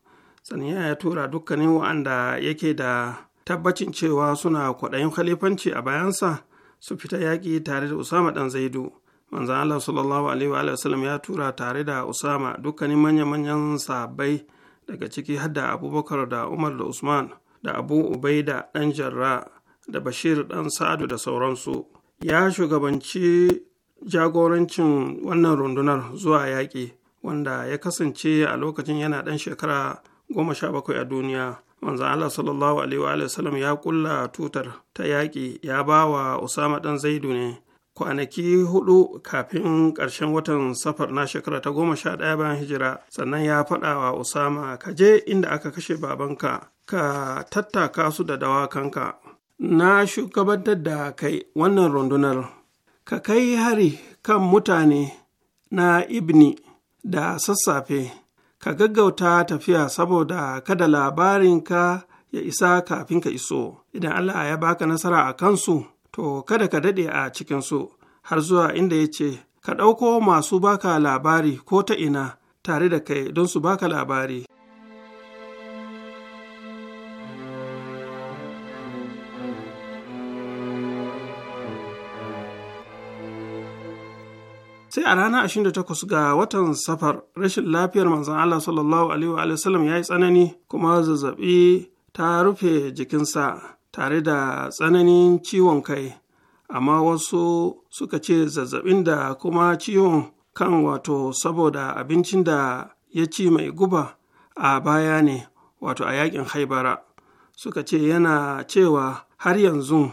sannan ya tura dukkanin wa'anda yake da tabbacin cewa suna kwaɗayin khalifanci a bayansa su fita yaki tare da Usama dan Zaidu manzan Allah sallallahu alaihi wa sallam ya tura tare da Usama dukkanin manya-manyan sahabbai daga ciki har da Abubakar da Umar da Usman da Abu Ubaida dan Jarra da Bashir dan Sa'adu da sauransu ya shugabanci jagorancin wannan rundunar zuwa yaƙi wanda ya kasance a lokacin yana ɗan shekara goma sha bakwai a duniya manzan Allah sallallahu alaihi wa sallam ya kulla tutar ta yaƙi ya ba wa Usama ɗan Zaidu ne kwanaki hudu kafin ƙarshen watan safar na shekara ta goma sha ɗaya bayan hijira sannan ya faɗa wa Usama ka je inda aka kashe babanka ka tattaka su da dawakanka na shugabantar da kai wannan rundunar ka kai hari kan mutane na ibni da sassafe ka gaggauta tafiya saboda kada labarinka ya isa kafin ka iso idan allah ya baka nasara a kansu to kada ka daɗe a cikinsu har zuwa inda ya ce ka ɗauko masu baka labari ko ta ina tare da kai don su baka labari sai a ranar 28 ga watan safar rashin lafiyar manzon Allah sallallahu alaihi wa sallam ya yi tsanani kuma zazzabi ta rufe jikinsa tare da tsananin ciwon kai amma wasu suka ce zazzabin da kuma ciwon kan wato saboda abincin da ya ci mai guba a baya ne wato a yakin haibara suka ce yana cewa har yanzu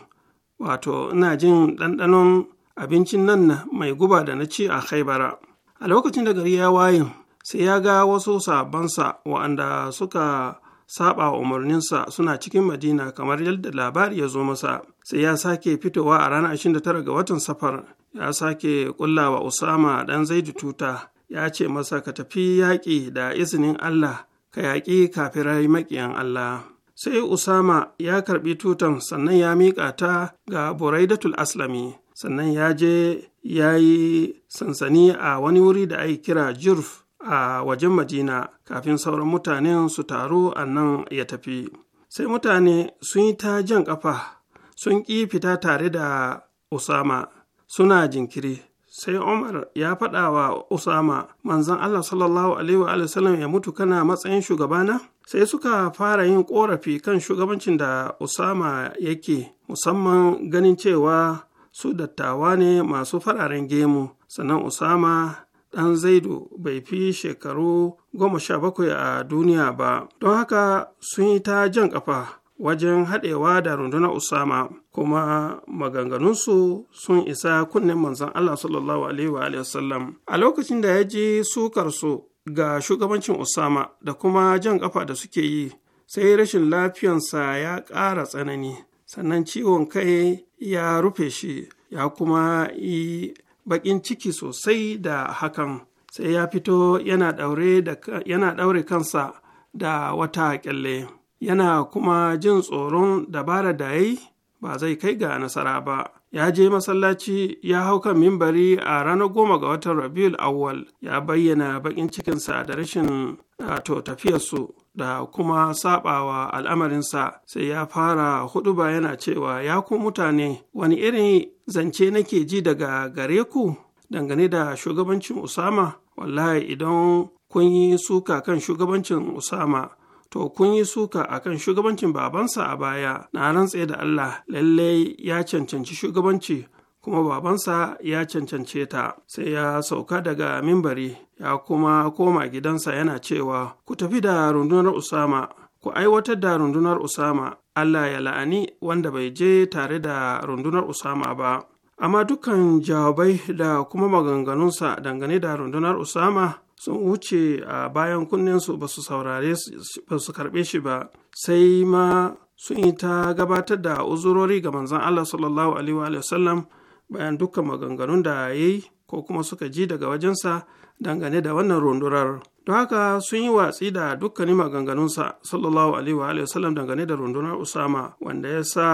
wato ina jin ɗanɗanon abincin nan na, mai guba da na ci a haibara a lokacin da gari ya wayin sai ya ga wasu sabansa wa'anda suka saba wa umarninsa suna cikin madina kamar yadda labari ya zo masa sai ya sake fitowa a ranar 29 ga watan safar ya sake kulla wa usama dan zaidu tuta ya ce masa ka tafi yaƙi da izinin allah ka yaƙi kafirai maƙiyan allah sai usama ya karɓi tutan sannan ya miƙa ta ga buraidatul aslami sannan ya je ya yi sansani a wani wuri da ake kira jurf a wajen madina kafin sauran mutanen su taru a nan ya tafi sai mutane sun yi ta jan ƙafa sun ƙi fita tare da usama suna jinkiri sai Umar ya faɗa wa Usama manzon Allah sallallahu alaihi wa sallam ya mutu kana matsayin shugabana sai suka fara yin ƙorafi kan shugabancin da Usama yake musamman ganin cewa su dattawa ne masu fararen gemu sannan usama ɗan zaidu bai fi shekaru goma sha bakwai a duniya ba don haka sun yi ta jan ƙafa wajen haɗewa da rundunar usama kuma maganganunsu sun isa kunnen manzan allah sallallahu alaihi wa wasallam a lokacin da ya ji sukarsu ga shugabancin usama da kuma jan ƙafa da suke yi sai rashin lafiyansa ya ƙara tsanani sannan ciwon kai ya rufe shi ya kuma yi baƙin ciki sosai da hakan sai ya fito yana ɗaure kansa da wata ƙyalle yana kuma jin tsoron dabara da ya yi ba zai kai ga nasara ba ya je masallaci ya hau kan mimbari a ranar goma ga watan rabiul awwal ya bayyana baƙin cikinsa da rashin tafiyar tafiyarsu da kuma sabawa al'amarinsa sai ya fara huɗuba yana cewa ya ku mutane wani irin zance nake ji daga gare ku dangane da shugabancin usama wallahi idan kun yi suka kan shugabancin usama to kun yi suka a kan shugabancin babansa a baya na rantse da allah lallai ya cancanci shugabanci kuma babansa ya cancance ta sai ya sauka daga mimbari ya kuma koma gidansa yana cewa ku tafi da rundunar usama ku aiwatar da rundunar usama allah ya la'ani wanda bai je tare da rundunar usama ba amma dukkan jawabai da kuma maganganunsa dangane da rundunar usama sun wuce a bayan kunninsu ba su saurare ba su karɓe shi ba sai ma sun yi ta gabatar da uzurori ga manzon Allah sallallahu alaihi wa sallam bayan dukkan maganganun da ya yi ko kuma suka ji daga wajensa dangane da wannan rundunar don haka sun yi watsi da dukkanin maganganunsa sallallahu alaihi wa sallam dangane da rundunar usama wanda ya sa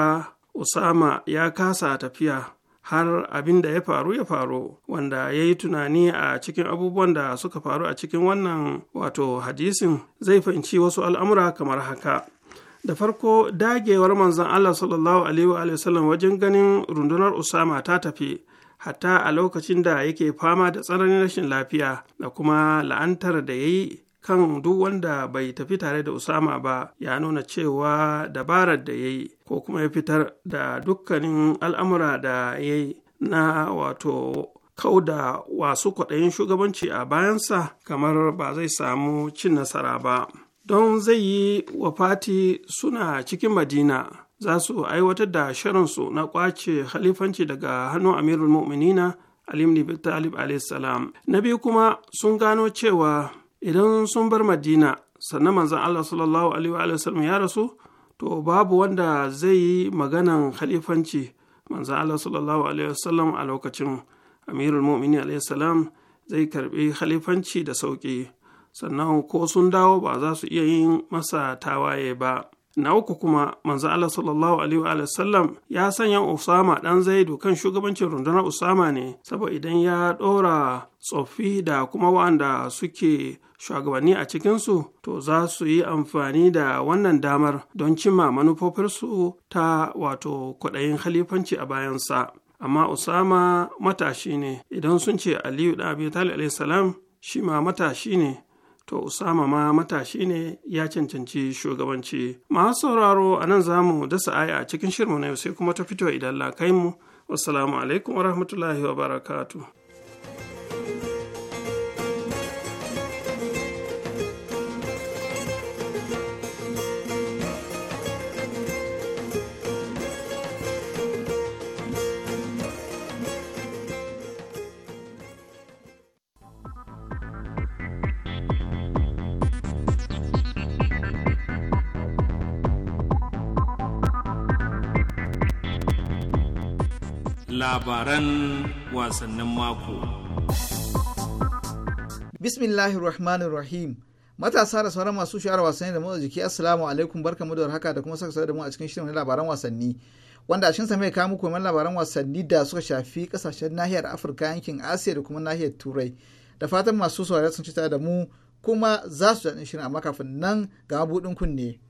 usama ya kasa tafiya har abin da ya faru ya faru wanda ya yi tunani a cikin abubuwan da suka faru a cikin wannan wato hadisin zai fahimci wasu al'amura kamar haka da farko dagewar manzon Allah sallallahu alaihi wasallam wajen ganin rundunar Usama ta tafi hatta a lokacin da yake fama da tsananin rashin lafiya da kuma la'antar da ya yi kan duk wanda bai tafi tare da Usama ba ya nuna cewa dabarar da ya yi ko kuma ya fitar da dukkanin al'amura da ya yi na wato kauda wasu kwaɗayin shugabanci a bayansa kamar ba zai samu cin nasara ba. don zai yi wafati suna cikin madina za su aiwatar da shirinsu na kwace halifanci daga hannun amirul mu'minina alim bin talib salam na biyu kuma sun gano cewa idan sun bar madina sannan manzon allah sallallahu alaihi wa sallam ya rasu to babu wanda zai yi maganan halifanci manzon allah sallallahu alaihi wa sallam a lokacin amirul mu'minin alaihi salam zai karbi halifanci da sauki sannan ko sun dawo ba za su iya yin masa tawaye ba na uku kuma manzo Allah sallallahu alaihi wa sallam ya sanya Usama dan Zaidu kan shugabancin rundunar Usama ne saboda idan ya dora tsoffi da kuma wanda suke shugabanni a cikinsu to za su yi amfani da wannan damar don cimma manufofinsu ta wato kwaɗayin khalifanci a bayansa amma Usama matashi ne idan sun ce Aliyu da Abi Talib alaihi salam shi ma matashi ne to Usama ma matashi ne ya cancanci shugabanci. Masu sauraro a nan za mu dasa aya a cikin shirmu na yau sai kuma ta fito idan la kai mu. Wassalamu alaikum wa rahmatullahi wa barakatuh. labaran wasannin mako. Bismillahir Rahmanir Rahim. Matasa da sauran masu shawar wasanni da motsa jiki Assalamu alaikum mu da haka da kuma saka da mu a cikin shirin labaran wasanni. Wanda a cikin sa mai kawo muku labaran wasanni da suka shafi kasashen nahiyar Afirka yankin Asiya da kuma nahiyar Turai. Da fatan masu saurare sun cita da mu kuma za su daɗin shirin amma kafin nan ga mabuɗin kunne.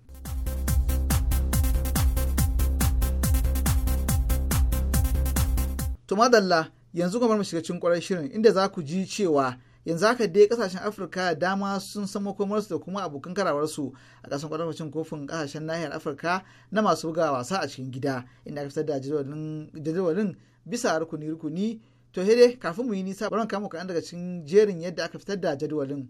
To madalla yanzu kamar mu shiga cikin kwarar shirin inda za ku ji cewa yanzu haka dai kasashen Afirka dama sun san makomarsu da kuma abokan karawarsu a kasan cin kofin kasashen nahiyar Afirka na masu buga wasa a cikin gida inda aka fitar da jadawalin bisa rukuni-rukuni to he kafin mu yi nisa bari kamo kan daga cikin jerin yadda aka fitar da jadawalin.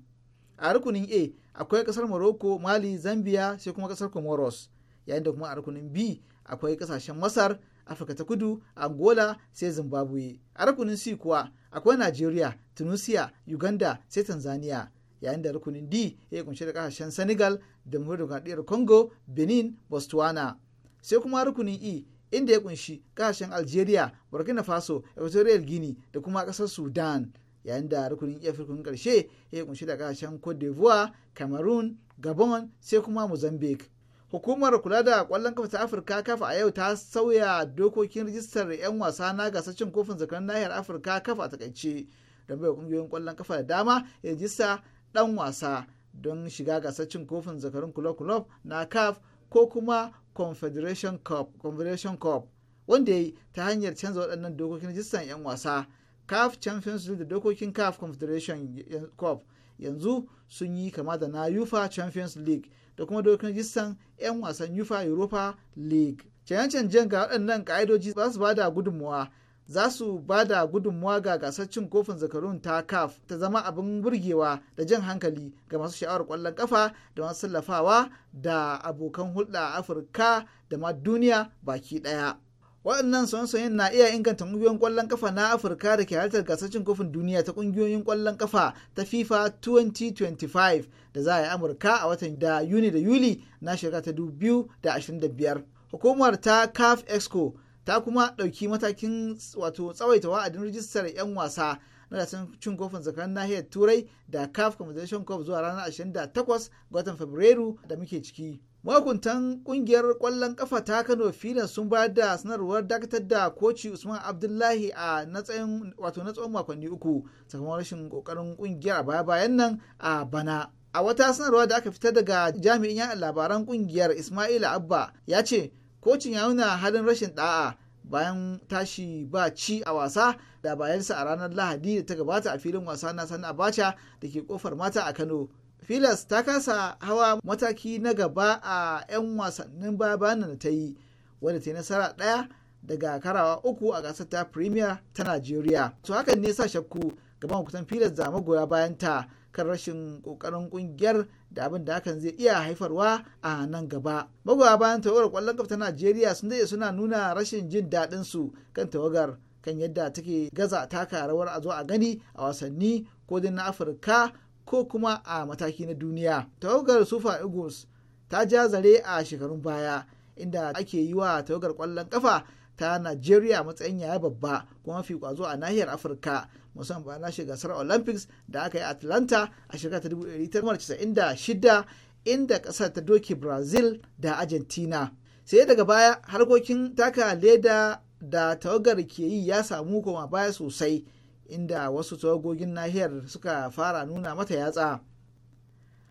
A rukunin A akwai kasar Morocco, Mali, Zambia sai kuma kasar Comoros yayin da kuma a rukunin B akwai kasashen Masar, afirka ta kudu angola sai zimbabwe a rukunin c kuwa akwai najeriya tunisia uganda sai tanzania yayin da rukunin d ya kunshi da kasashen senegal jamhuriyar congo benin botswana sai kuma rukunin e inda ya kunshi kasashen algeria burkina faso equatorial guinea da kuma kasar sudan yayin da rukunin e rukunin karshe ya kunshi da kasashen cote d'ivoire cameroon gabon sai kuma mozambique hukumar kula da kwallon kafa ta afirka kafa a yau ta sauya dokokin rijistar 'yan wasa na gasar kofin zakarun nahiyar afirka kafa a takaice don bai kungiyoyin kwallon kafa da dama ya rijista dan wasa don shiga gasar kofin zakarun kulob kulob na caf ko kuma confederation cup wanda ya yi ta hanyar canza waɗannan dokokin rijistar 'yan wasa caf champions league da dokokin caf confederation cup yanzu sun yi kama da na ufa champions league da kuma dokin rajistan 'yan wasan yufa Europa League. Canje-canjen ga waɗannan ƙa'idoji za su bada gudunmuwa za su ba da gudunmuwa ga gasar cin kofin zakarun ta CAF ta zama abin burgewa da jan hankali ga masu sha'awar kwallon kafa da masu sallafawa da abokan hulɗa a Afirka da ma duniya baki ɗaya. waɗannan sauye-sauyen na iya inganta ƙungiyoyin ƙwallon kafa na afirka da ke halartar gasar cin kofin duniya ta ƙungiyoyin ƙwallon kafa ta fifa 2025 da za a yi amurka a watan da yuni da yuli na shekara ta 2025 hukumar ta caf exco ta kuma ɗauki matakin wato tsawaita wa'adin rijistar 'yan wasa na gasar cin kofin zakaran nahiyar turai da caf confederation cup zuwa ranar 28 ga watan fabrairu da muke ciki mahukuntan kungiyar kwallon kafa ta kano filin sun bayar da sanarwar dakatar da koci usman abdullahi a natsayin wato na tsawon makonni uku sakamakon rashin kokarin kungiyar a baya bayan nan a bana a wata sanarwa da aka fita daga jami'in yan labaran kungiyar ismaila abba ya ce kocin ya nuna halin rashin da'a bayan tashi ba ci a wasa da bayansa a ranar lahadi da ta gabata a filin wasa na sana abacha da ke kofar mata a kano Filas ta kasa hawa mataki na gaba a 'yan wasannin babanin da ta yi wadda ta yi nasara ɗaya daga karawa uku a gasar ta Premier ta Najeriya. To hakan ne sa shakku gaban hukutan Filas da magoya bayan ta kan rashin kokarin ƙungiyar da abin da hakan zai iya haifarwa a nan gaba. Magoya bayan tawagar kwallon kafa ta Najeriya sun daɗe suna nuna rashin jin daɗin su kan tawagar kan yadda take gaza taka rawar a zo a gani a wasanni ko na Afirka ko kuma a mataki na duniya tawagar sufa eagles ta ja zare a shekarun baya inda ake yi wa tawagar kwallon kafa ta Najeriya matsayin yaya babba kuma mafi kwazo a nahiyar Afirka musamman na gasar Olympics da aka yi Atlanta a shekarar 1996 inda kasar ta doke Brazil da Argentina. Sai daga baya harkokin taka leda da tawagar ke yi ya samu koma baya sosai inda wasu tawagogin nahiyar suka fara nuna mata yatsa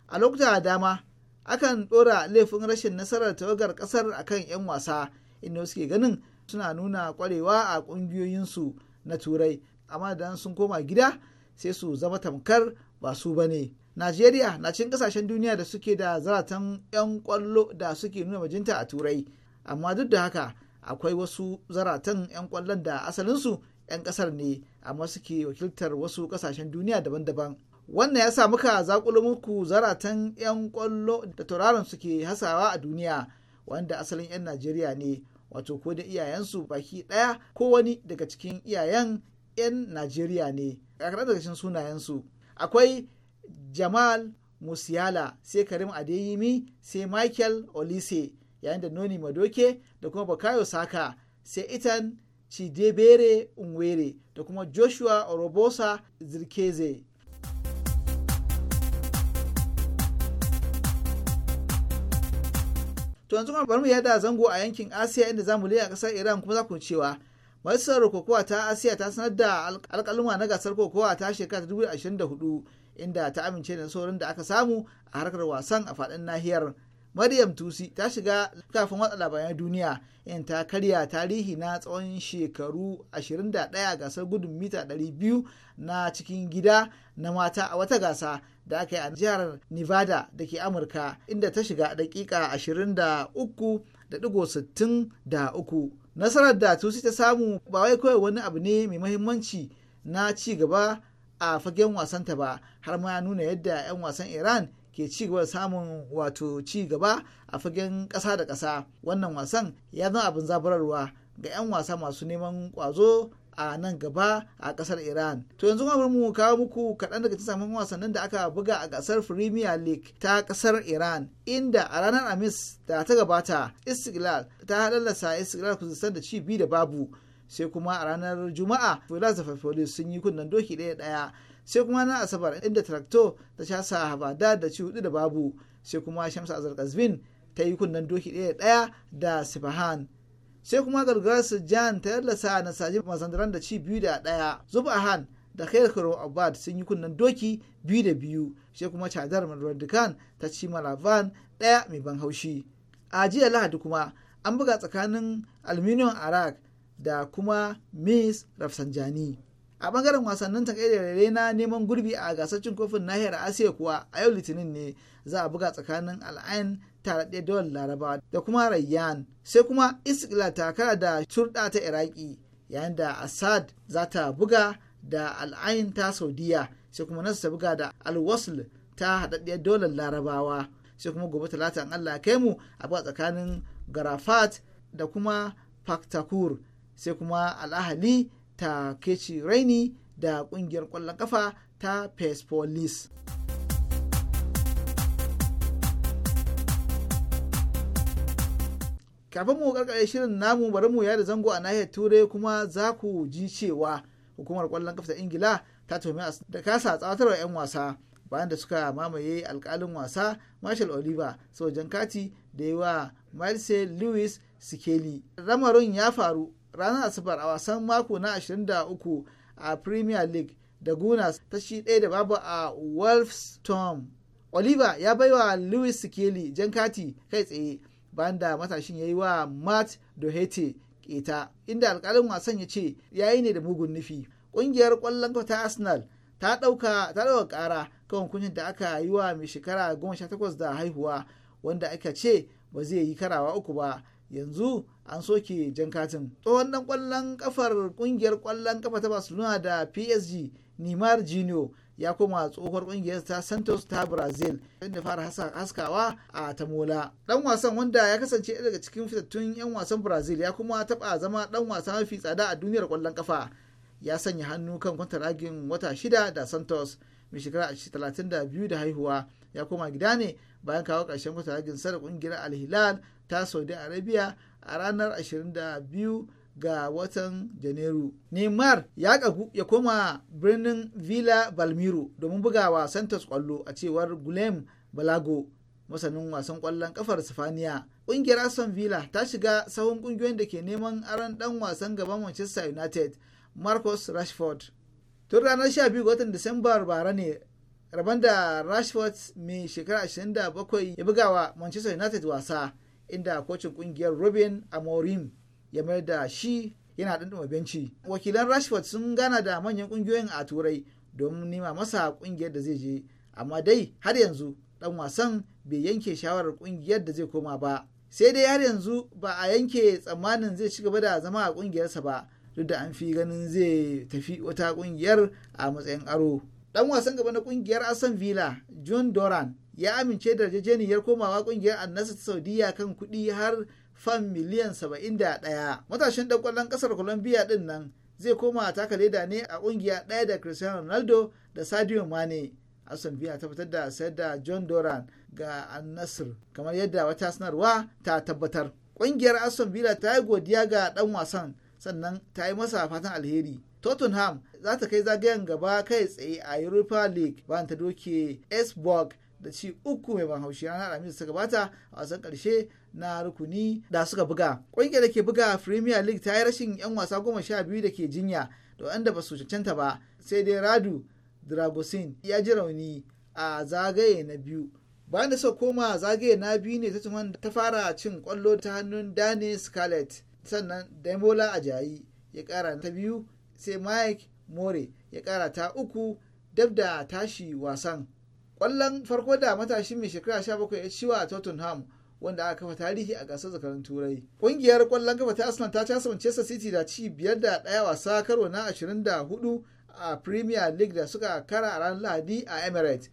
a lokuta dama akan ɗora laifin rashin nasarar tawagar ƙasar akan 'yan wasa inda suke ganin suna nuna ƙwarewa a ƙungiyoyinsu na turai amma da sun koma gida sai su zama tamkar ba su ba ne najeriya na cikin ƙasashen duniya da suke da zaratan 'yan ƙwallo da suke nuna bajinta a turai amma duk da haka akwai wasu zaratan 'yan ƙwallon da asalinsu 'yan kasar ne amma suke wakiltar wasu kasashen duniya daban-daban wannan ya sa muka zakulo muku zaratan 'yan kwallo da tauraron suke hasawa a duniya wanda asalin 'yan najeriya ne wato ko da iyayensu baki ɗaya ko wani daga cikin iyayen 'yan najeriya ne a daga cikin sunayensu akwai jamal musiala sai karim adeyemi sai michael olise yayin da noni madoke da kuma bakayo saka sai itan chidebere unwere da kuma joshua robosa zirkeze to yanzu kuma bari mu yada zango a yankin asiya inda zamu a kasar iran kuma za ku cewa majalisar kokowa ta asiya ta sanar da alkaluma na gasar kokowa ta shekara 2024 inda ta amince da saurin da aka samu a harkar wasan a faɗin nahiyar Maryam Tusi ta shiga kafin watsa labaran duniya in ta karya tarihi na tsawon shekaru 21 gasar gudun mita 200 na cikin gida na mata a wata gasa da aka yi a jihar Nevada da ke Amurka inda ta shiga dakika 23.63. Nasarar da Tusi ta samu ba wai kawai wani abu ne mai mahimmanci na ci gaba a fagen wasanta ba har ma ya nuna yadda 'yan wasan Iran ke ci gaba samun wato ci gaba a fagen ƙasa da ƙasa wannan wasan ya zama abin zaburarwa ga 'yan wasa masu neman ƙwazo a nan gaba a ƙasar iran to yanzu kuma mu kawo muku kaɗan daga cikin samun wasannin da aka buga a gasar premier league ta ƙasar iran inda a ranar amis da ta gabata istiklal ta halallasa istiklal kuzistan da ci bi da babu sai kuma a ranar juma'a filas da sun yi kunnen doki ɗaya ɗaya sai kuma na asabar inda tarakto ta sha habada da ci hudu da babu sai kuma shamsa azar kazvin ta yi kunnen doki ɗaya ɗaya da sifahan sai kuma gargarsu jan ta yallasa na saji mazandaran da ci biyu da ɗaya zubahan da khair abad sun yi kunnen doki biyu da biyu sai kuma cadar marwar ta ci malavan ɗaya mai ban haushi a jiya lahadi kuma an buga tsakanin aluminium arak da kuma miss rafsanjani a bangaren wasannin takaidare na neman gurbi a gasar cin kofin nahiyar asiya kuwa a yau litinin ne za a buga tsakanin al'ain tare da dawal laraba da kuma rayyan sai kuma istiklal ta kara da turda ta iraki yayin da assad za ta buga da al'ain ta saudiya sai kuma nasu ta buga da alwasl ta haɗaɗɗiyar dolar larabawa sai kuma gobe talata an allah kai mu a buga tsakanin garafat da kuma faktakur sai kuma al'ahali ta keci raini da kungiyar kwallon kafa ta persepolis kafin mu karkare shirin namu bari mu yada zango a nahiyar turai kuma za ku ji cewa hukumar kwallon kafa ta ingila ta tuhumi da kasa tsawatarwa 'yan wasa bayan da suka mamaye alkalin wasa marshal oliver sojan kati da yi wa marcel lewis sikeli lamarin ya faru ranar asabar a wasan mako na 23 a premier league da gunas ta shi ɗaya da babu a wolfstorm oliver ya baiwa lewis sikeli jan kati kai tsaye bayan da matashin ya yi wa matt dohete keta inda alkalin wasan ya ce ya yi ne da mugun nufi ƙungiyar ƙwallon ta arsenal ta ɗauka ƙara kan hukuncin da aka yi wa mai shekara 18 da haihuwa wanda aka ce ba zai yi karawa uku ba yanzu an soke jan katin tsohon dan kwallon kafar kungiyar kwallon kafa ta barcelona da psg neymar jino ya koma tsohuwar kungiyar ta santos ta brazil inda fara haskawa a tamola dan wasan wanda ya kasance daga cikin fitattun yan wasan brazil ya kuma taba zama dan wasa mafi tsada a duniyar kwallon kafa ya sanya hannu kan kwantaragin wata shida da santos mai shekara 32 da haihuwa ya koma gida ne bayan kawo ƙarshen wata hajjin sa da ƙungiyar alhilal ta saudi arabia a ranar 22 ga watan janairu neymar ya kagu ya koma birnin villa balmiro domin bugawa santos kwallo a cewar gulem balago masanin wasan kwallon kafar sifaniya ƙungiyar aston villa ta shiga sahun ƙungiyoyin da ke neman aron dan wasan gaban manchester united marcus rashford tun ranar 12 ga watan disambar bara ne rabon da rashford mai shekara 27 ya buga wa manchester united wasa inda kocin kungiyar robin amorim ya mayar da shi yana ɗanɗuma benci wakilan rashford sun gana da manyan ƙungiyoyin a turai don nema masa ƙungiyar da zai je amma dai har yanzu ɗan wasan bai yanke shawarar ƙungiyar da zai koma ba sai dai har yanzu ba a yanke tsammanin zai ci gaba da zama a ƙungiyarsa ba duk da an fi ganin zai tafi wata ƙungiyar a matsayin aro dan wasan gaba na kungiyar aston villa john doran ya amince da yarjejeniyar komawa kungiyar annasa ta saudiya kan kudi har fam miliyan 71 matashin dan kwallon kasar colombia din nan zai koma taka leda ne a kungiya daya da cristiano ronaldo da sadio mane aston villa ta fitar da sayar da john doran ga annasir kamar yadda wata sanarwa ta tabbatar kungiyar aston villa ta yi godiya ga dan wasan sannan ta yi masa fatan alheri tottenham za ta kai zagayen gaba kai tsaye a europa league bayan ta doke esburg da ci uku mai ban haushi ranar alhamis ta gabata a wasan karshe na rukuni da suka buga ƙungiyar da ke buga premier league ta yi rashin 'yan wasa goma sha biyu da ke jinya da wanda ba su cancanta ba sai dai radu dragosin ya ji rauni a zagaye na biyu bayan da suka koma zagaye na biyu ne tottenham ta fara cin kwallo ta hannun dane scarlett sannan demola ajayi ya kara ta biyu sai mike more ya kara ta uku dab da tashi wasan ƙwallon farko da matashin mai shekara 17 ya ciwa a tottenham wanda aka kafa tarihi a gasar zakarun turai ƙungiyar ƙwallon kafa ta arsenal ta casa manchester city da ci biyar da ɗaya wasa karo na da hudu a premier league da suka kara a ranar lahadi a emirates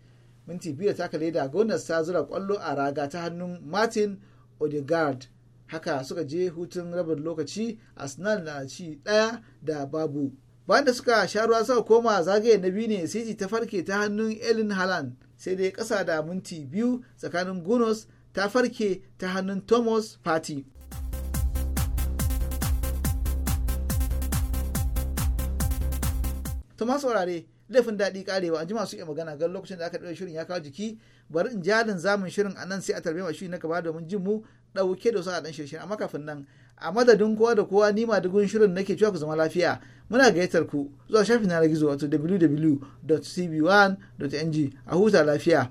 minti biyu da taka leda gonas ta zura kwallo a raga ta hannun martin odegaard haka suka je hutun rabin lokaci arsenal na ci ɗaya da babu bayan da suka sha ruwa suka koma zagaye na biyu ne city ta farke ta hannun elin halan sai dai kasa da minti biyu tsakanin gunos ta farke ta hannun thomas party thomas saurare laifin daɗi karewa an ji masu iya magana ga lokacin da aka ɗaya shirin ya kawo jiki bari in jalin zamun shirin a nan sai a tarbe mashi na gaba domin jin mu ɗauke da wasu ɗan shirye amma kafin nan a madadin kowa da kowa ni ma gun shirin nake cewa ku zama lafiya muna gayyatar ku zuwa shafin na gizo wato www.cb1.ng a huta lafiya.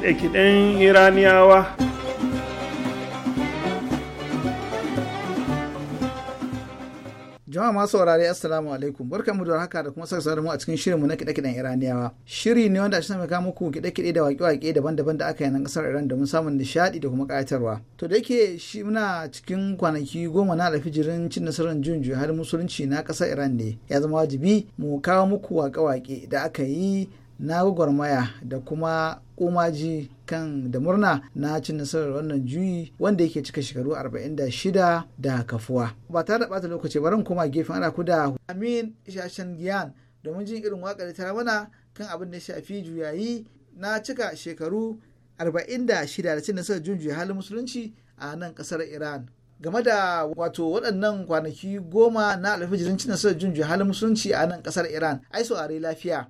kiɗe-kiɗen iraniyawa jama'a masu saurare assalamu alaikum barkan mu da haka da kuma saka mu a cikin shirinmu na kiɗe-kiɗen iraniyawa shiri ne wanda a cikin ka muku kiɗe-kiɗe da waƙe-waƙe daban-daban da aka yi nan ƙasar iran da domin samun nishaɗi da kuma ƙayatarwa to da yake shi muna cikin kwanaki goma na alfijirin cin nasarar jin har musulunci na ƙasar iran ne ya zama wajibi mu kawo muku waƙe-waƙe da aka yi na gwagwarmaya da kuma komaji kan da murna na cin nasarar wannan juyi wanda yake cika shekaru 46 da kafuwa ba tare da bata lokaci barin koma gefen ana da amin shashan giyan domin jin irin waƙar ta mana kan abin da shafi juyayi na cika shekaru 46 da cin nasarar juyi halin musulunci a nan ƙasar iran game da wato waɗannan kwanaki goma na alfijirin cin nasarar juyi halin musulunci a nan kasar iran ai saurari lafiya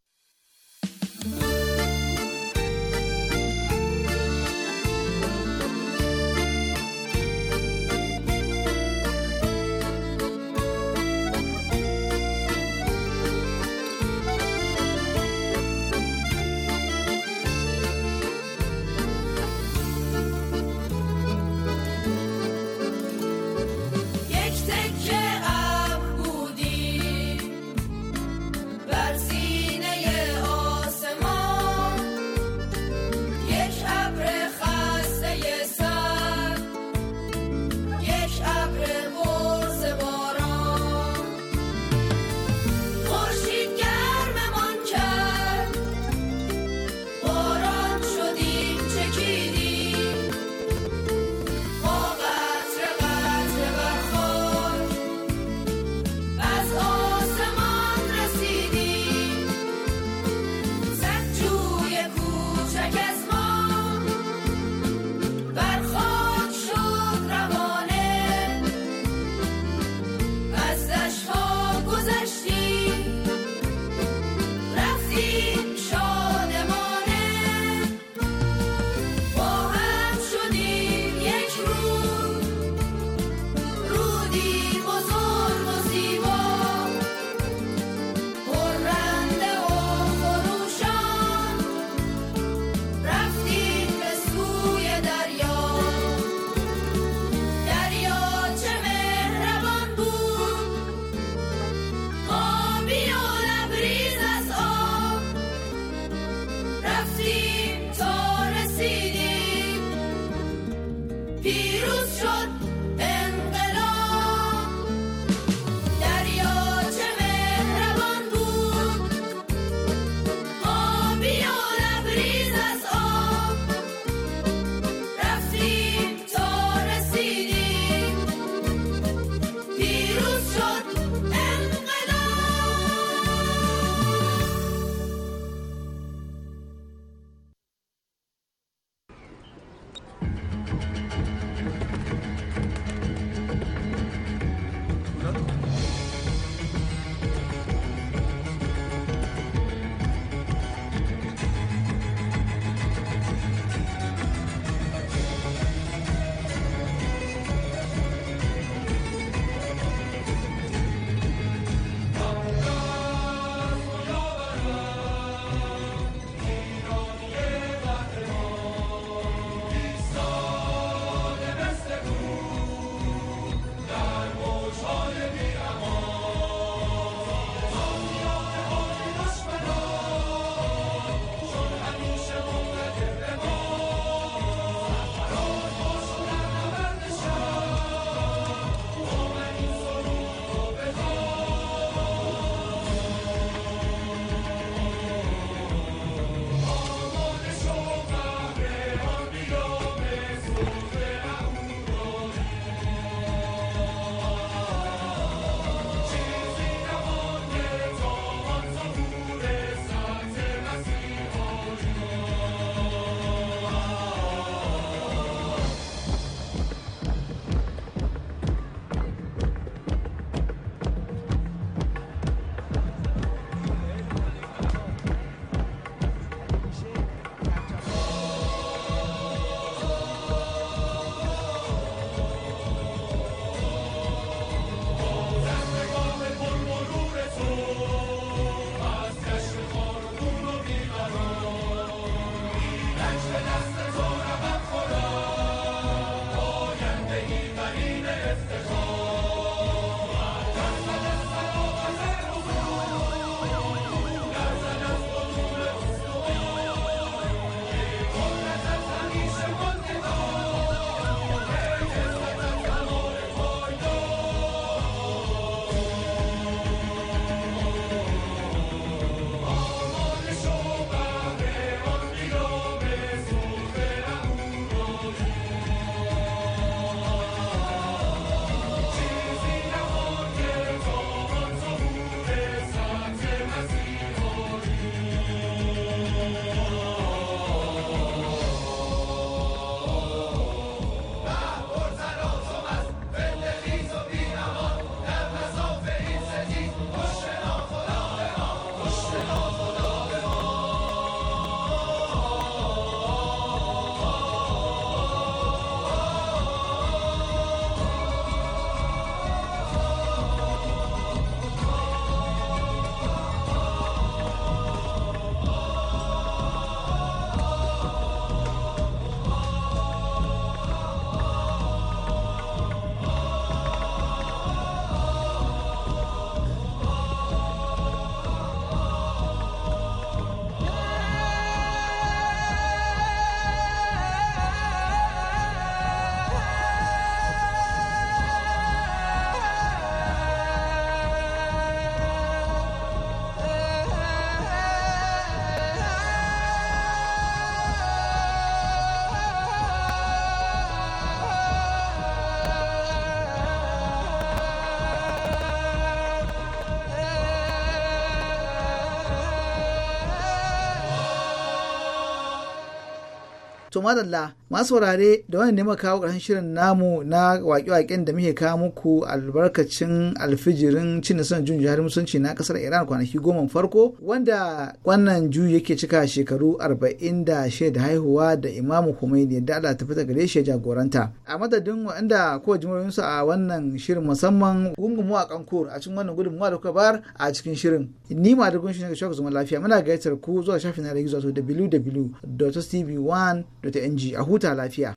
to madalla masu wurare da wani ne kawo ƙarshen shirin namu na waƙe-waƙen da muke kawo muku albarkacin alfijirin cin son jun jihar musulunci na ƙasar iran kwanaki goma farko wanda wannan juyi yake cika shekaru arba'in da shaida haihuwa da imamu khomeini da allah tafi ta gare shi ya jagoranta a madadin waɗanda ko jimirinsu a wannan shirin musamman gungun a kur a cikin wannan gudunmuwa da kuka bar a cikin shirin ni ma da gunshi ne ga shafin zaman lafiya muna gayyatar ku zuwa shafin na da gizo www.tv1.ng a huta lafiya.